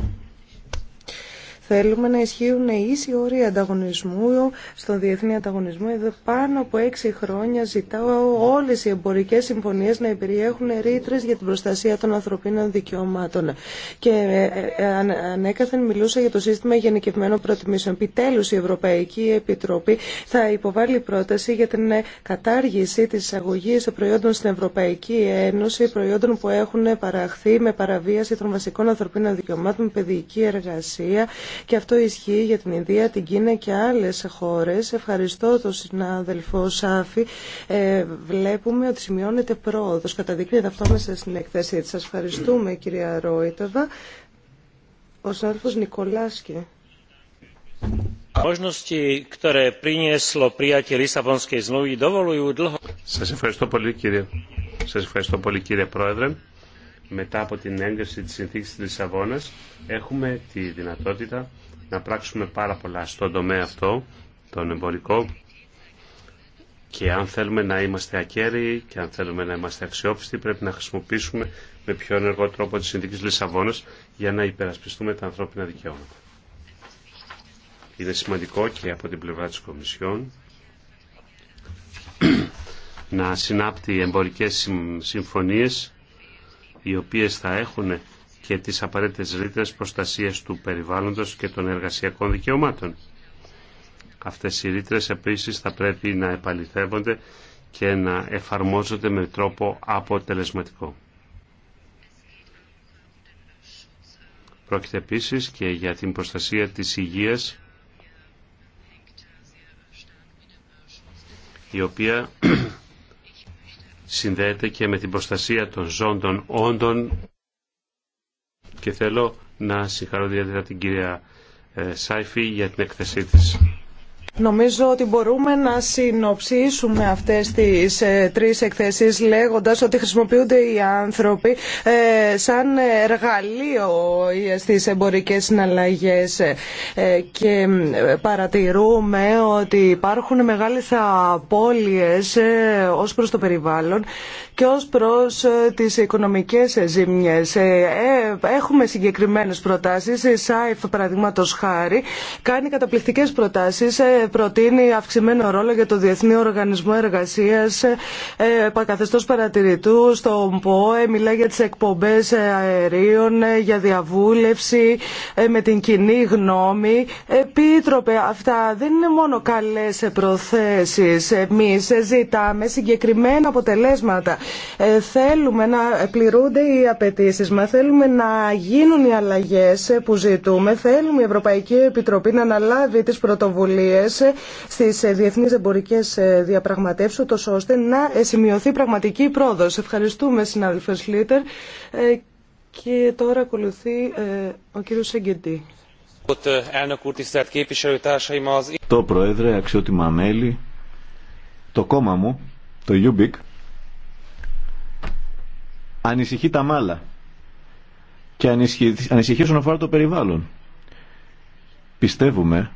[SPEAKER 1] Θέλουμε να ισχύουν οι ίσοι όροι ανταγωνισμού στον διεθνή ανταγωνισμό. Εδώ πάνω από έξι χρόνια ζητάω όλε οι εμπορικέ συμφωνίε να περιέχουν ρήτρε για την προστασία των ανθρωπίνων δικαιωμάτων. Και ε, ε, ε, ανέκαθεν μιλούσα για το σύστημα γενικευμένων προτιμήσεων. Επιτέλου η Ευρωπαϊκή Επιτροπή θα υποβάλει πρόταση για την κατάργηση τη εισαγωγή προϊόντων στην Ευρωπαϊκή Ένωση, προϊόντων που έχουν παραχθεί με παραβίαση των βασικών ανθρωπίνων δικαιωμάτων, παιδική εργασία, και αυτό ισχύει για την Ινδία, την Κίνα και άλλες χώρες. Ευχαριστώ τον συνάδελφο Σάφη. Ε, βλέπουμε ότι σημειώνεται πρόοδος. Καταδεικνύεται αυτό μέσα στην εκθέση. Σας ευχαριστούμε κυρία Ρόιτεβα. Ο συνάδελφος Νικολάσκη.
[SPEAKER 2] Σας Σας ευχαριστώ πολύ κύριε Πρόεδρε μετά από την έγκριση της συνθήκης της Λισαβόνας έχουμε τη δυνατότητα να πράξουμε πάρα πολλά στον τομέα αυτό, τον εμπορικό και αν θέλουμε να είμαστε ακέραιοι και αν θέλουμε να είμαστε αξιόπιστοι πρέπει να χρησιμοποιήσουμε με πιο ενεργό τρόπο συνθήκη συνθήκες Λισαβόνας για να υπερασπιστούμε τα ανθρώπινα δικαιώματα. Είναι σημαντικό και από την πλευρά της Κομισιόν να συνάπτει εμπορικές συμφωνίες οι οποίες θα έχουν και τις απαραίτητες ρήτρες προστασίας του περιβάλλοντος και των εργασιακών δικαιωμάτων. Αυτές οι ρήτρες επίσης θα πρέπει να επαληθεύονται και να εφαρμόζονται με τρόπο αποτελεσματικό. Πρόκειται επίσης και για την προστασία της υγείας η οποία συνδέεται και με την προστασία των ζώντων όντων και θέλω να συγχαρώ ιδιαίτερα την κυρία ε, Σάιφη για την έκθεσή της.
[SPEAKER 1] Νομίζω ότι μπορούμε να συνοψίσουμε αυτές τις ε, τρεις εκθέσεις λέγοντας ότι χρησιμοποιούνται οι άνθρωποι ε, σαν εργαλείο στις εμπορικές συναλλαγές ε, και παρατηρούμε ότι υπάρχουν μεγάλες απώλειες ως προς το περιβάλλον και ως προς τις οικονομικές ζημιές. Έχουμε συγκεκριμένες προτάσεις. Η ΣΑΕΦ, παραδείγματος χάρη, κάνει καταπληκτικές προτάσεις προτείνει αυξημένο ρόλο για το Διεθνή Οργανισμό Εργασία, ε, καθεστώ παρατηρητού στο ΠΟΕ, μιλάει για τι εκπομπέ αερίων, ε, για διαβούλευση ε, με την κοινή γνώμη. Επίτροπε, αυτά δεν είναι μόνο καλέ προθέσει. Εμεί ζητάμε συγκεκριμένα αποτελέσματα. Θέλουμε να πληρούνται οι απαιτήσει μα, θέλουμε να γίνουν οι αλλαγέ που ζητούμε, θέλουμε η Ευρωπαϊκή Επιτροπή να αναλάβει τι πρωτοβουλίε ε, Στι ε, διεθνεί εμπορικέ ε, διαπραγματεύσει ώστε να σημειωθεί πραγματική πρόοδο. Ευχαριστούμε, συνάδελφε Σλίτερ. Και τώρα ακολουθεί ο κύριο Σεγγεντή.
[SPEAKER 2] Το Πρόεδρε,
[SPEAKER 3] αξιότιμα μέλη, το κόμμα μου, το UBIC, ανησυχεί τα μάλα και ανησυχεί, ανησυχεί όσον αφορά το περιβάλλον. Πιστεύουμε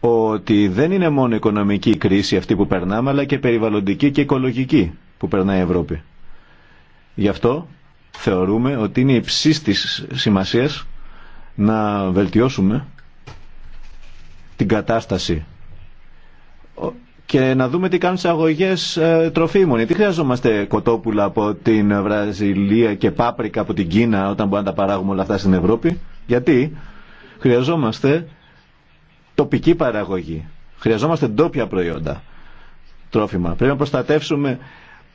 [SPEAKER 3] ότι δεν είναι μόνο οικονομική κρίση αυτή που περνάμε, αλλά και περιβαλλοντική και οικολογική που περνάει η Ευρώπη. Γι' αυτό θεωρούμε ότι είναι υψής της σημασίας να βελτιώσουμε την κατάσταση και να δούμε τι κάνουν αγωγές αγωγέ ε, τροφίμων. Γιατί χρειαζόμαστε κοτόπουλα από την Βραζιλία και πάπρικα από την Κίνα όταν μπορούμε να τα παράγουμε όλα αυτά στην Ευρώπη. Γιατί χρειαζόμαστε τοπική παραγωγή. Χρειαζόμαστε ντόπια προϊόντα τρόφιμα. Πρέπει να προστατεύσουμε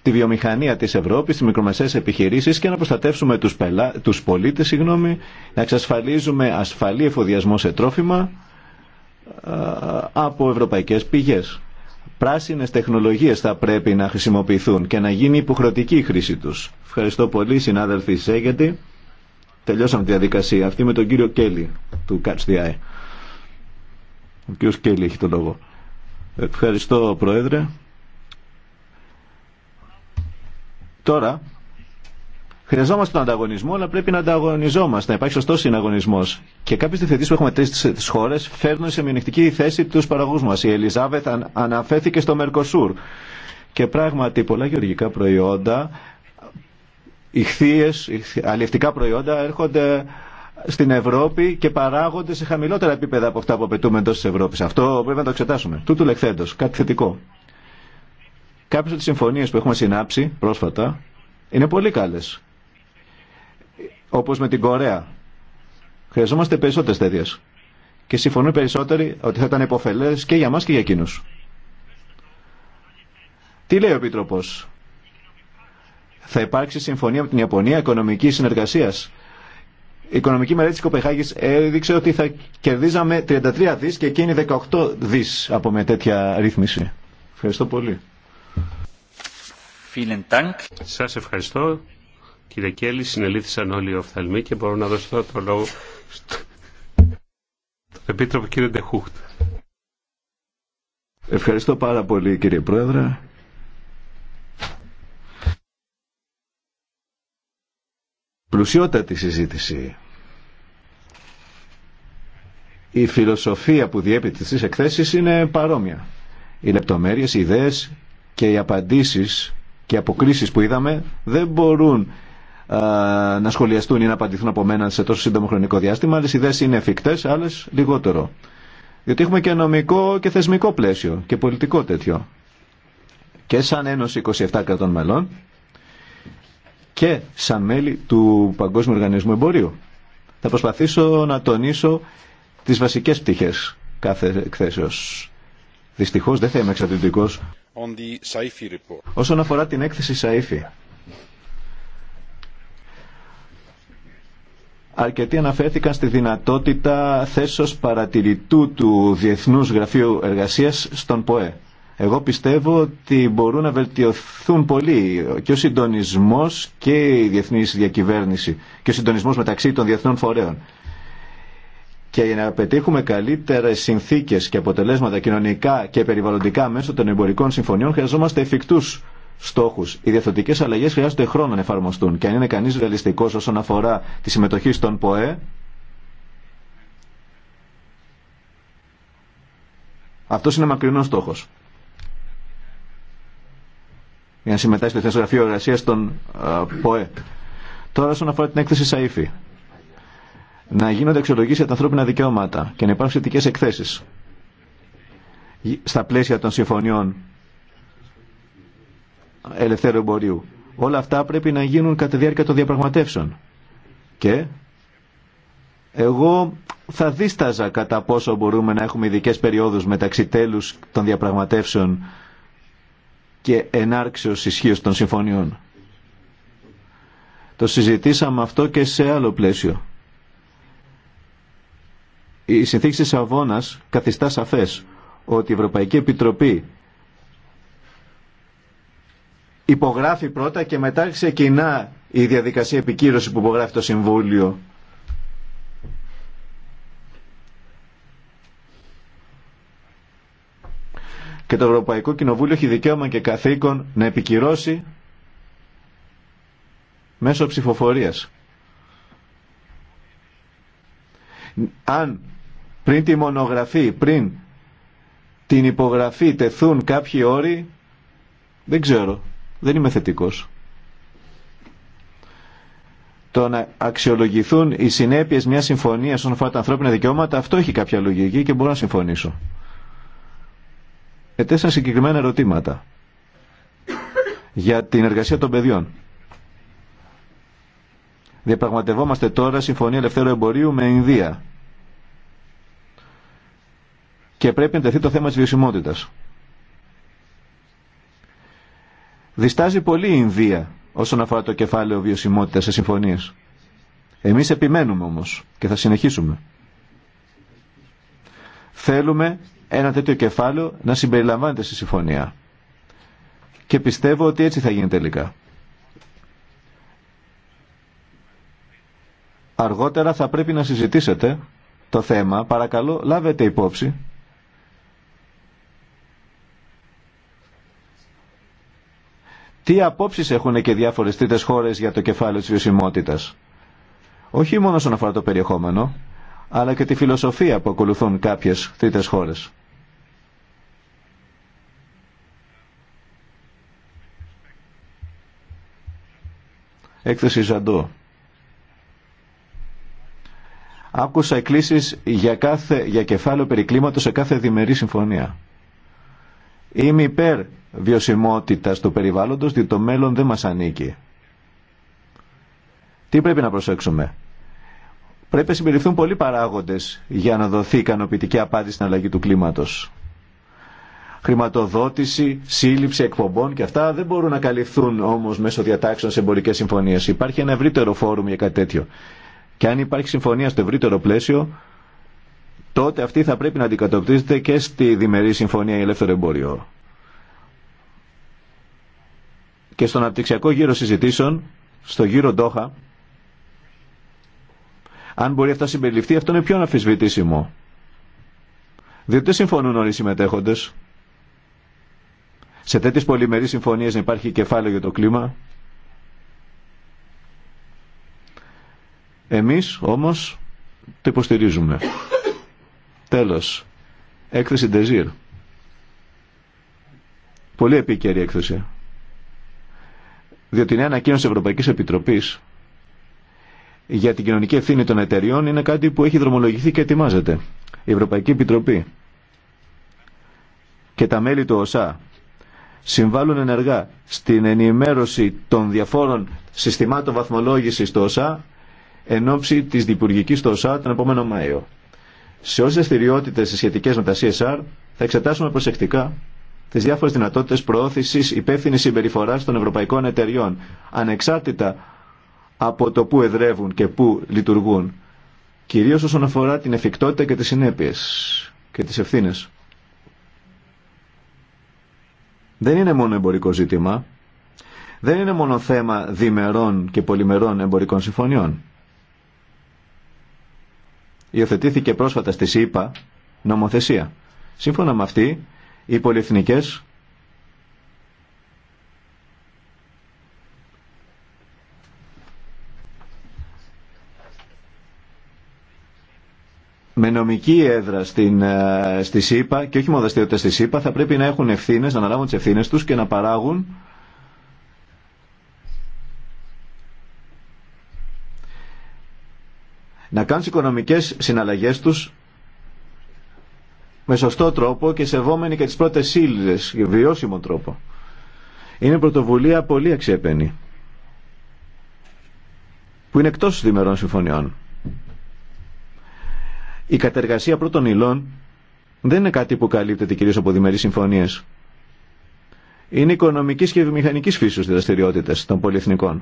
[SPEAKER 3] τη βιομηχανία της Ευρώπης, τις μικρομεσαίες επιχειρήσεις και να προστατεύσουμε τους, πελά, τους πολίτες, συγγνώμη, να εξασφαλίζουμε ασφαλή εφοδιασμό σε τρόφιμα ε, από ευρωπαϊκές πηγές. Πράσινες τεχνολογίες θα πρέπει να χρησιμοποιηθούν και να γίνει υποχρεωτική η χρήση τους. Ευχαριστώ πολύ συνάδελφοι Σέγγεντη. Τελειώσαμε τη διαδικασία αυτή με τον κύριο Κέλλη του Catch ο κ. Κέλλη έχει το λόγο. Ευχαριστώ, Πρόεδρε. Τώρα, χρειαζόμαστε τον ανταγωνισμό, αλλά πρέπει να ανταγωνιζόμαστε, να υπάρχει σωστό συναγωνισμό. Και κάποιε διευθυντέ που έχουμε τρει χώρε φέρνουν σε μειονεκτική θέση του παραγωγού μα. Η Ελιζάβεθ αναφέθηκε στο Μερκοσούρ. Και πράγματι, πολλά γεωργικά προϊόντα, ηχθείε, αλλιευτικά προϊόντα έρχονται στην Ευρώπη και παράγονται σε χαμηλότερα επίπεδα από αυτά που απαιτούμε εντό τη Ευρώπη. Αυτό πρέπει να το εξετάσουμε. Τούτου λεχθέντο. Κάτι θετικό. Κάποιε από τι συμφωνίε που έχουμε συνάψει πρόσφατα είναι πολύ καλέ. Όπω με την Κορέα. Χρειαζόμαστε περισσότερε τέτοιε. Και συμφωνούν περισσότεροι ότι θα ήταν υποφελέ και για μα και για εκείνου. Τι λέει ο Επίτροπο, θα υπάρξει συμφωνία με την Ιαπωνία οικονομική συνεργασία η οικονομική μελέτη τη Κοπεχάγη έδειξε ότι θα κερδίζαμε 33 δι και εκείνη 18 δι από μια τέτοια ρύθμιση. Ευχαριστώ πολύ.
[SPEAKER 2] Σα ευχαριστώ. Κύριε Κέλλη, συνελήθησαν όλοι οι οφθαλμοί και μπορώ να δώσω το λόγο στον Επίτροπο κύριο Ντεχούχτ.
[SPEAKER 3] Ευχαριστώ πάρα πολύ κύριε Πρόεδρε. πλουσιότατη συζήτηση. Η φιλοσοφία που διέπει στις εκθέσεις είναι παρόμοια. Οι λεπτομέρειες, οι ιδέες και οι απαντήσεις και οι αποκρίσεις που είδαμε δεν μπορούν να σχολιαστούν ή να απαντηθούν από μένα σε τόσο σύντομο χρονικό διάστημα. Άλλες ιδέες είναι εφικτές, άλλες λιγότερο. Διότι έχουμε και νομικό και θεσμικό πλαίσιο και πολιτικό τέτοιο. Και σαν Ένωση 27 κρατών μελών και σαν μέλη του Παγκόσμιου Οργανισμού Εμπορίου. Θα προσπαθήσω να τονίσω τις βασικές πτυχές κάθε εκθέσεως. Δυστυχώς δεν θα είμαι εξαρτητικός. Όσον αφορά την έκθεση Σαΐφη, αρκετοί αναφέρθηκαν στη δυνατότητα θέσεως παρατηρητού του Διεθνούς Γραφείου Εργασίας στον ΠΟΕ. Εγώ πιστεύω ότι μπορούν να βελτιωθούν πολύ και ο συντονισμό και η διεθνή διακυβέρνηση και ο συντονισμό μεταξύ των διεθνών φορέων. Και για να πετύχουμε καλύτερε συνθήκε και αποτελέσματα κοινωνικά και περιβαλλοντικά μέσω των εμπορικών συμφωνιών χρειαζόμαστε εφικτού στόχου. Οι διαθωτικέ αλλαγέ χρειάζονται χρόνο να εφαρμοστούν. Και αν είναι κανεί ρεαλιστικό όσον αφορά τη συμμετοχή στον ΠΟΕ, αυτό είναι μακρινό στόχο για να συμμετάσχει στο γραφείο εργασία των ε, ΠΟΕ. Τώρα, όσον αφορά την έκθεση ΣΑΙΦΗ, να γίνονται αξιολογήσει για τα ανθρώπινα δικαιώματα και να υπάρχουν σχετικέ εκθέσει στα πλαίσια των συμφωνιών ελευθέρου εμπορίου. Όλα αυτά πρέπει να γίνουν κατά τη διάρκεια των διαπραγματεύσεων. Και εγώ θα δίσταζα κατά πόσο μπορούμε να έχουμε ειδικέ περιόδους μεταξύ τέλους των διαπραγματεύσεων και ενάρξεως ισχύω των συμφωνιών. Το συζητήσαμε αυτό και σε άλλο πλαίσιο. Η συνθήκη της Αβώνας καθιστά σαφές ότι η Ευρωπαϊκή Επιτροπή υπογράφει πρώτα και μετά ξεκινά η διαδικασία επικύρωση που υπογράφει το Συμβούλιο και το Ευρωπαϊκό Κοινοβούλιο έχει δικαίωμα και καθήκον να επικυρώσει μέσω ψηφοφορίας. Αν πριν τη μονογραφή, πριν την υπογραφή τεθούν κάποιοι όροι, δεν ξέρω, δεν είμαι θετικός. Το να αξιολογηθούν οι συνέπειες μιας συμφωνίας όσον αφορά τα ανθρώπινα δικαιώματα, αυτό έχει κάποια λογική και μπορώ να συμφωνήσω. Ε, τέσσερα συγκεκριμένα ερωτήματα για την εργασία των παιδιών. Διαπραγματευόμαστε τώρα Συμφωνία Ελευθέρου Εμπορίου με Ινδία. Και πρέπει να τεθεί το θέμα της βιωσιμότητας. Διστάζει πολύ η Ινδία όσον αφορά το κεφάλαιο βιωσιμότητας σε συμφωνίες. Εμείς επιμένουμε όμως και θα συνεχίσουμε. Θέλουμε ένα τέτοιο κεφάλαιο να συμπεριλαμβάνεται στη συμφωνία. Και πιστεύω ότι έτσι θα γίνει τελικά. Αργότερα θα πρέπει να συζητήσετε το θέμα. Παρακαλώ, λάβετε υπόψη. Τι απόψεις έχουν και διάφορες τρίτες χώρες για το κεφάλαιο της βιωσιμότητας. Όχι μόνο όσον αφορά το περιεχόμενο, αλλά και τη φιλοσοφία που ακολουθούν κάποιες τρίτες χώρες. Έκθεση Ζαντού. Άκουσα εκκλήσεις για, κάθε, για κεφάλαιο περικλήματος σε κάθε διμερή συμφωνία. Είμαι υπέρ βιωσιμότητας του περιβάλλοντος, διότι το μέλλον δεν μας ανήκει. Τι πρέπει να προσέξουμε. Πρέπει να συμπεριφθούν πολλοί παράγοντε για να δοθεί ικανοποιητική απάντηση στην αλλαγή του κλίματο. Χρηματοδότηση, σύλληψη εκπομπών και αυτά δεν μπορούν να καλυφθούν όμω μέσω διατάξεων σε εμπορικέ συμφωνίε. Υπάρχει ένα ευρύτερο φόρουμ για κάτι τέτοιο. Και αν υπάρχει συμφωνία στο ευρύτερο πλαίσιο, τότε αυτή θα πρέπει να αντικατοπτρίζεται και στη διμερή συμφωνία για ελεύθερο εμπόριο. Και στον αναπτυξιακό γύρο συζητήσεων, στο γύρο Ντόχα, αν μπορεί αυτά να συμπεριληφθεί, αυτό είναι πιο αμφισβητήσιμο. Διότι δεν συμφωνούν όλοι οι συμμετέχοντε. Σε τέτοιε πολυμερεί συμφωνίε να υπάρχει κεφάλαιο για το κλίμα. Εμείς όμως το υποστηρίζουμε. Τέλος. Έκθεση Ντεζίρ. Πολύ επίκαιρη έκθεση. Διότι είναι ανακοίνωση Ευρωπαϊκής Επιτροπής για την κοινωνική ευθύνη των εταιριών είναι κάτι που έχει δρομολογηθεί και ετοιμάζεται. Η Ευρωπαϊκή Επιτροπή και τα μέλη του ΟΣΑ συμβάλλουν ενεργά στην ενημέρωση των διαφόρων συστημάτων βαθμολόγησης του ΟΣΑ εν ώψη της διπουργικής του ΟΣΑ τον επόμενο Μάιο. Σε όσες δραστηριότητε σχετικές με τα CSR θα εξετάσουμε προσεκτικά τι διάφορε δυνατότητε προώθηση υπεύθυνης συμπεριφορά των ευρωπαϊκών εταιριών, ανεξάρτητα από το που εδρεύουν και που λειτουργούν, κυρίως όσον αφορά την εφικτότητα και τις συνέπειες και τις ευθύνες. Δεν είναι μόνο εμπορικό ζήτημα, δεν είναι μόνο θέμα διμερών και πολυμερών εμπορικών συμφωνιών. Υιοθετήθηκε πρόσφατα στη ΣΥΠΑ νομοθεσία. Σύμφωνα με αυτή, οι πολυεθνικές με νομική έδρα στην, ε, στη ΣΥΠΑ και όχι μόνο δραστηριότητα στη ΣΥΠΑ θα πρέπει να έχουν ευθύνες, να αναλάβουν τις ευθύνες τους και να παράγουν να κάνουν τις οικονομικές συναλλαγές τους με σωστό τρόπο και σεβόμενοι και τις πρώτες ύλες, βιώσιμο τρόπο. Είναι πρωτοβουλία πολύ αξιέπαινη που είναι εκτός των διμερών συμφωνιών. Η κατεργασία πρώτων υλών δεν είναι κάτι που καλύπτεται κυρίως από διμερείς συμφωνίες. Είναι οικονομικής και βιομηχανικής φύσης δραστηριότητες των πολυεθνικών.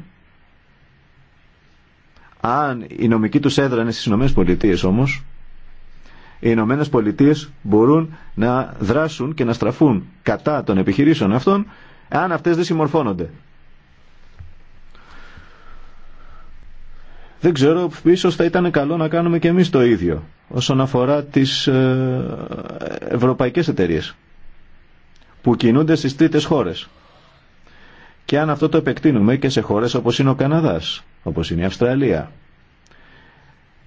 [SPEAKER 3] Αν η νομική του έδρα είναι στις Ηνωμένες όμως, οι ΗΠΑ μπορούν να δράσουν και να στραφούν κατά των επιχειρήσεων αυτών αν αυτές δεν συμμορφώνονται. Δεν ξέρω, ίσως θα ήταν καλό να κάνουμε και εμείς το ίδιο όσον αφορά τις ε, ευρωπαϊκές εταιρείες που κινούνται στις τρίτες χώρες. Και αν αυτό το επεκτείνουμε και σε χώρες όπως είναι ο Καναδάς, όπως είναι η Αυστραλία.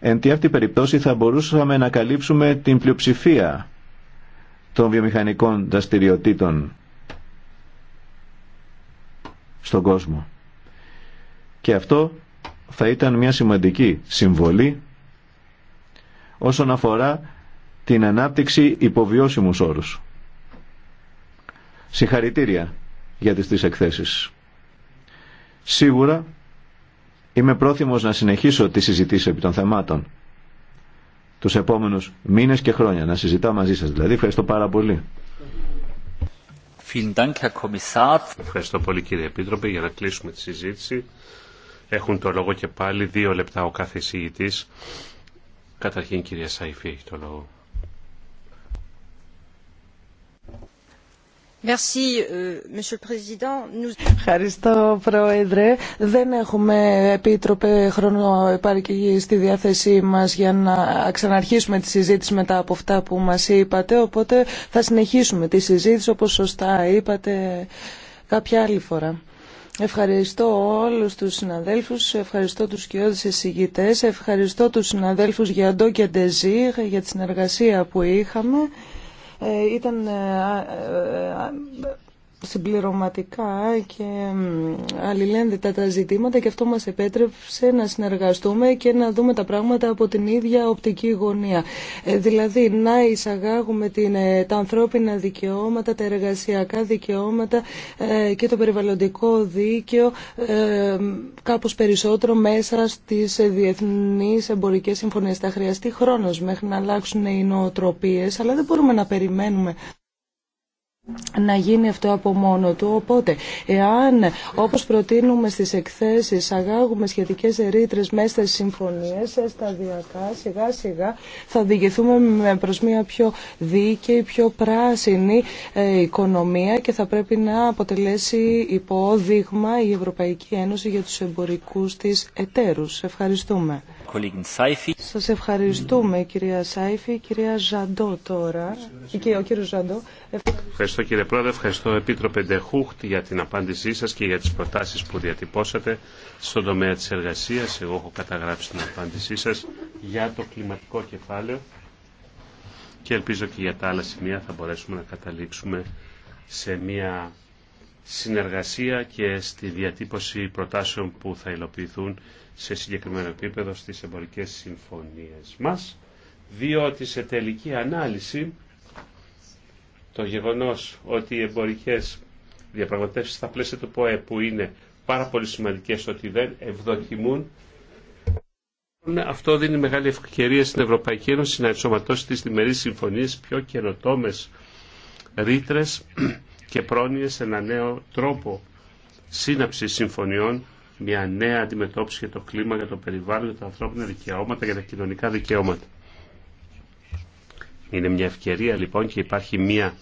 [SPEAKER 3] Εν τη αυτή περιπτώσει θα μπορούσαμε να καλύψουμε την πλειοψηφία των βιομηχανικών δραστηριοτήτων στον κόσμο. Και αυτό θα ήταν μια σημαντική συμβολή όσον αφορά την ανάπτυξη υποβιώσιμου όρους. Συγχαρητήρια για τις τρεις εκθέσεις. Σίγουρα είμαι πρόθυμος να συνεχίσω τη συζητήση επί των θεμάτων τους επόμενους μήνες και χρόνια. Να συζητά μαζί σας δηλαδή. Ευχαριστώ πάρα πολύ.
[SPEAKER 2] Ευχαριστώ πολύ κύριε Επίτροπε για να κλείσουμε τη συζήτηση έχουν το λόγο και πάλι δύο λεπτά ο κάθε εισηγητής. Καταρχήν κυρία Σαϊφή έχει το λόγο.
[SPEAKER 3] Euh,
[SPEAKER 1] Ευχαριστώ, Πρόεδρε. Δεν έχουμε, Επίτροπε, χρόνο επαρκή στη διάθεσή μας για να ξαναρχίσουμε τη συζήτηση μετά από αυτά που μας είπατε, οπότε θα συνεχίσουμε τη συζήτηση, όπως σωστά είπατε, κάποια άλλη φορά. Ευχαριστώ όλους τους συναδέλφους, ευχαριστώ τους κοιόδους εισηγητές, ευχαριστώ τους συναδέλφους για το και για τη συνεργασία που είχαμε. Ε, ήταν ε, ε, συμπληρωματικά και αλληλένδετα τα ζητήματα και αυτό μας επέτρεψε να συνεργαστούμε και να δούμε τα πράγματα από την ίδια οπτική γωνία. Ε, δηλαδή να εισαγάγουμε την, ε, τα ανθρώπινα δικαιώματα, τα εργασιακά δικαιώματα ε, και το περιβαλλοντικό δίκαιο ε, κάπως περισσότερο μέσα στις διεθνείς εμπορικές συμφωνίες. Θα χρειαστεί χρόνος μέχρι να αλλάξουν οι νοοτροπίες, αλλά δεν μπορούμε να περιμένουμε να γίνει αυτό από μόνο του. Οπότε, εάν όπως προτείνουμε στις εκθέσεις αγάγουμε σχετικές ερήτρες μέσα στις συμφωνίες, ε, σταδιακά, σιγά σιγά θα διηγηθούμε προς μια πιο δίκαιη, πιο πράσινη ε, οικονομία και θα πρέπει να αποτελέσει υπόδειγμα η Ευρωπαϊκή Ένωση για τους εμπορικούς της εταίρους. Ευχαριστούμε. Σας ευχαριστούμε κυρία Σάιφη. Κυρία Ζαντό τώρα. Και ο κύριος Ζαντό.
[SPEAKER 2] Ευχαριστώ κύριε Πρόεδρε, ευχαριστώ Επίτροπε Ντεχούχτ για την απάντησή σας και για τις προτάσεις που διατυπώσατε στον τομέα της εργασίας. Εγώ έχω καταγράψει την απάντησή σας για το κλιματικό κεφάλαιο και ελπίζω και για τα άλλα σημεία θα μπορέσουμε να καταλήξουμε σε μια συνεργασία και στη διατύπωση προτάσεων που θα υλοποιηθούν σε συγκεκριμένο επίπεδο στις εμπορικές συμφωνίες μας, διότι σε τελική ανάλυση το γεγονός ότι οι εμπορικές διαπραγματεύσεις στα πλαίσια του ΠΟΕ που είναι πάρα πολύ σημαντικές ότι δεν ευδοκιμούν ναι, αυτό δίνει μεγάλη ευκαιρία στην Ευρωπαϊκή Ένωση να ενσωματώσει τις διμερείς συμφωνίες πιο καινοτόμε ρήτρε και πρόνοιες σε ένα νέο τρόπο σύναψη συμφωνιών μια νέα αντιμετώπιση για το κλίμα, για το περιβάλλον, για τα ανθρώπινα δικαιώματα, για τα κοινωνικά δικαιώματα. Είναι μια ευκαιρία λοιπόν και υπάρχει μια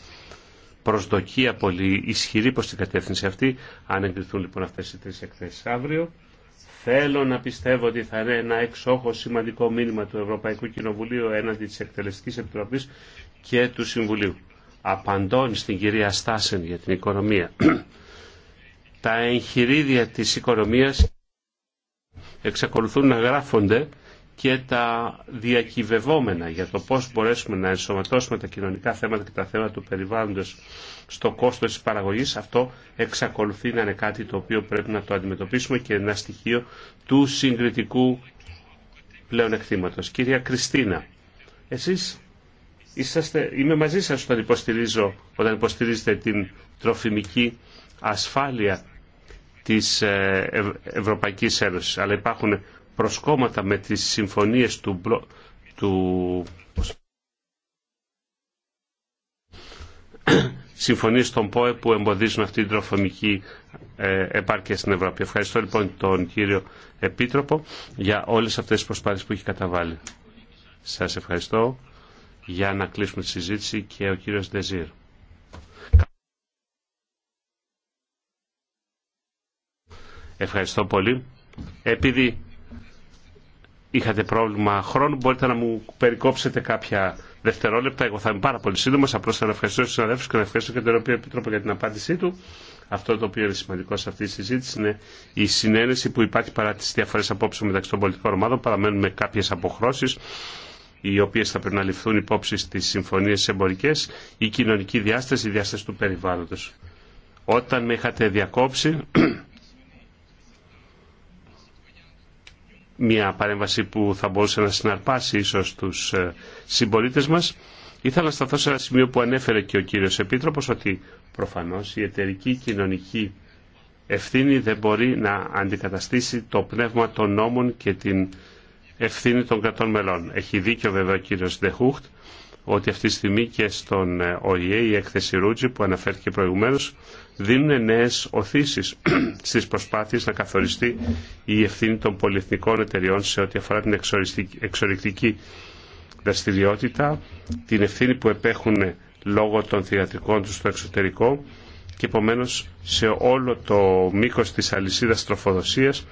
[SPEAKER 2] προσδοκία πολύ ισχυρή προς την κατεύθυνση αυτή. Αν εγκριθούν λοιπόν αυτές οι τρεις εκθέσεις αύριο, θέλω να πιστεύω ότι θα είναι ένα εξόχω σημαντικό μήνυμα του Ευρωπαϊκού Κοινοβουλίου έναντι της Εκτελεστικής Επιτροπής και του Συμβουλίου. Απαντώνει στην κυρία Στάσεν για την οικονομία τα εγχειρίδια της οικονομίας εξακολουθούν να γράφονται και τα διακυβευόμενα για το πώς μπορέσουμε να ενσωματώσουμε τα κοινωνικά θέματα και τα θέματα του περιβάλλοντος στο κόστος της παραγωγής, αυτό εξακολουθεί να είναι κάτι το οποίο πρέπει να το αντιμετωπίσουμε και ένα στοιχείο του συγκριτικού πλεονεκτήματος. Κυρία Κριστίνα, εσείς είσαστε, είμαι μαζί σας όταν υποστηρίζετε την τροφιμική ασφάλεια της ε, Ευρωπαϊκής Ένωσης. Αλλά υπάρχουν προσκόμματα με τις συμφωνίες του, του συμφωνίες των ΠΟΕ που εμποδίζουν αυτή την τροφομική ε, επάρκεια στην Ευρώπη. Ευχαριστώ λοιπόν τον κύριο Επίτροπο για όλες αυτές τις προσπάθειες που έχει καταβάλει. Σας ευχαριστώ για να κλείσουμε τη συζήτηση και ο κύριος Δεζίρ. Ευχαριστώ πολύ. Επειδή είχατε πρόβλημα χρόνου, μπορείτε να μου περικόψετε κάποια δευτερόλεπτα. Εγώ θα είμαι πάρα πολύ σύντομο. Απλώ θα ευχαριστώ του συναδέλφου και να ευχαριστώ και τον Ευρωπαϊκό Επιτρόπο για την απάντησή του. Αυτό το οποίο είναι σημαντικό σε αυτή τη συζήτηση είναι η συνένεση που υπάρχει παρά τι διαφορέ απόψεων μεταξύ των πολιτικών ομάδων. Παραμένουμε κάποιε αποχρώσει οι οποίε θα πρέπει να ληφθούν υπόψη στι συμφωνίε εμπορικέ, η κοινωνική διάσταση, η διάσταση του περιβάλλοντο. Όταν με είχατε διακόψει, μια παρέμβαση που θα μπορούσε να συναρπάσει ίσως τους ε, συμπολίτες μας. Ήθελα να σταθώ σε ένα σημείο που ανέφερε και ο κύριος Επίτροπος ότι προφανώς η εταιρική κοινωνική ευθύνη δεν μπορεί να αντικαταστήσει το πνεύμα των νόμων και την ευθύνη των κρατών μελών. Έχει δίκιο βέβαια ο κύριος Δεχούχτ ότι αυτή τη στιγμή και στον ΟΗΕ η έκθεση Ρούτζι που αναφέρθηκε προηγουμένως δίνουν νέες οθήσεις στις προσπάθειες να καθοριστεί η ευθύνη των πολυεθνικών εταιριών σε ό,τι αφορά την εξορυκτική δραστηριότητα, την ευθύνη που επέχουν λόγω των θεατρικών τους στο εξωτερικό και επομένως σε όλο το μήκος της αλυσίδας τροφοδοσίας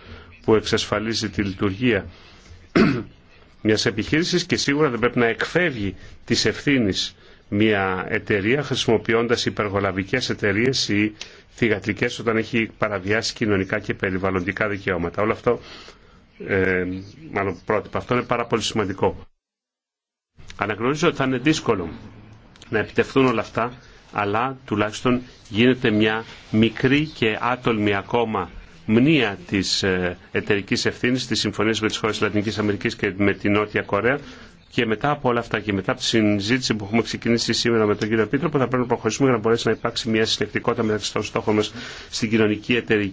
[SPEAKER 2] που εξασφαλίζει τη λειτουργία μιας επιχείρησης και σίγουρα δεν πρέπει να εκφεύγει της ευθύνης μια εταιρεία χρησιμοποιώντας υπεργολαβικές εταιρείε, ή θηγατρικές όταν έχει παραβιάσει κοινωνικά και περιβαλλοντικά δικαιώματα. Όλο αυτό, ε, μάλλον αυτό είναι πάρα πολύ σημαντικό. Αναγνωρίζω ότι θα είναι δύσκολο να επιτευχθούν όλα αυτά, αλλά τουλάχιστον γίνεται μια μικρή και άτολμη ακόμα μνήα της ε, εταιρική ευθύνη τη συμφωνία με τι χώρε της Λατινικής Αμερική και με την Νότια Κορέα, και μετά από όλα αυτά και μετά από τη συζήτηση που έχουμε ξεκινήσει σήμερα με τον κύριο Επίτροπο, θα πρέπει να προχωρήσουμε για να μπορέσει να υπάρξει μια συνεκτικότητα μεταξύ των στόχων μα στην κοινωνική εταιρική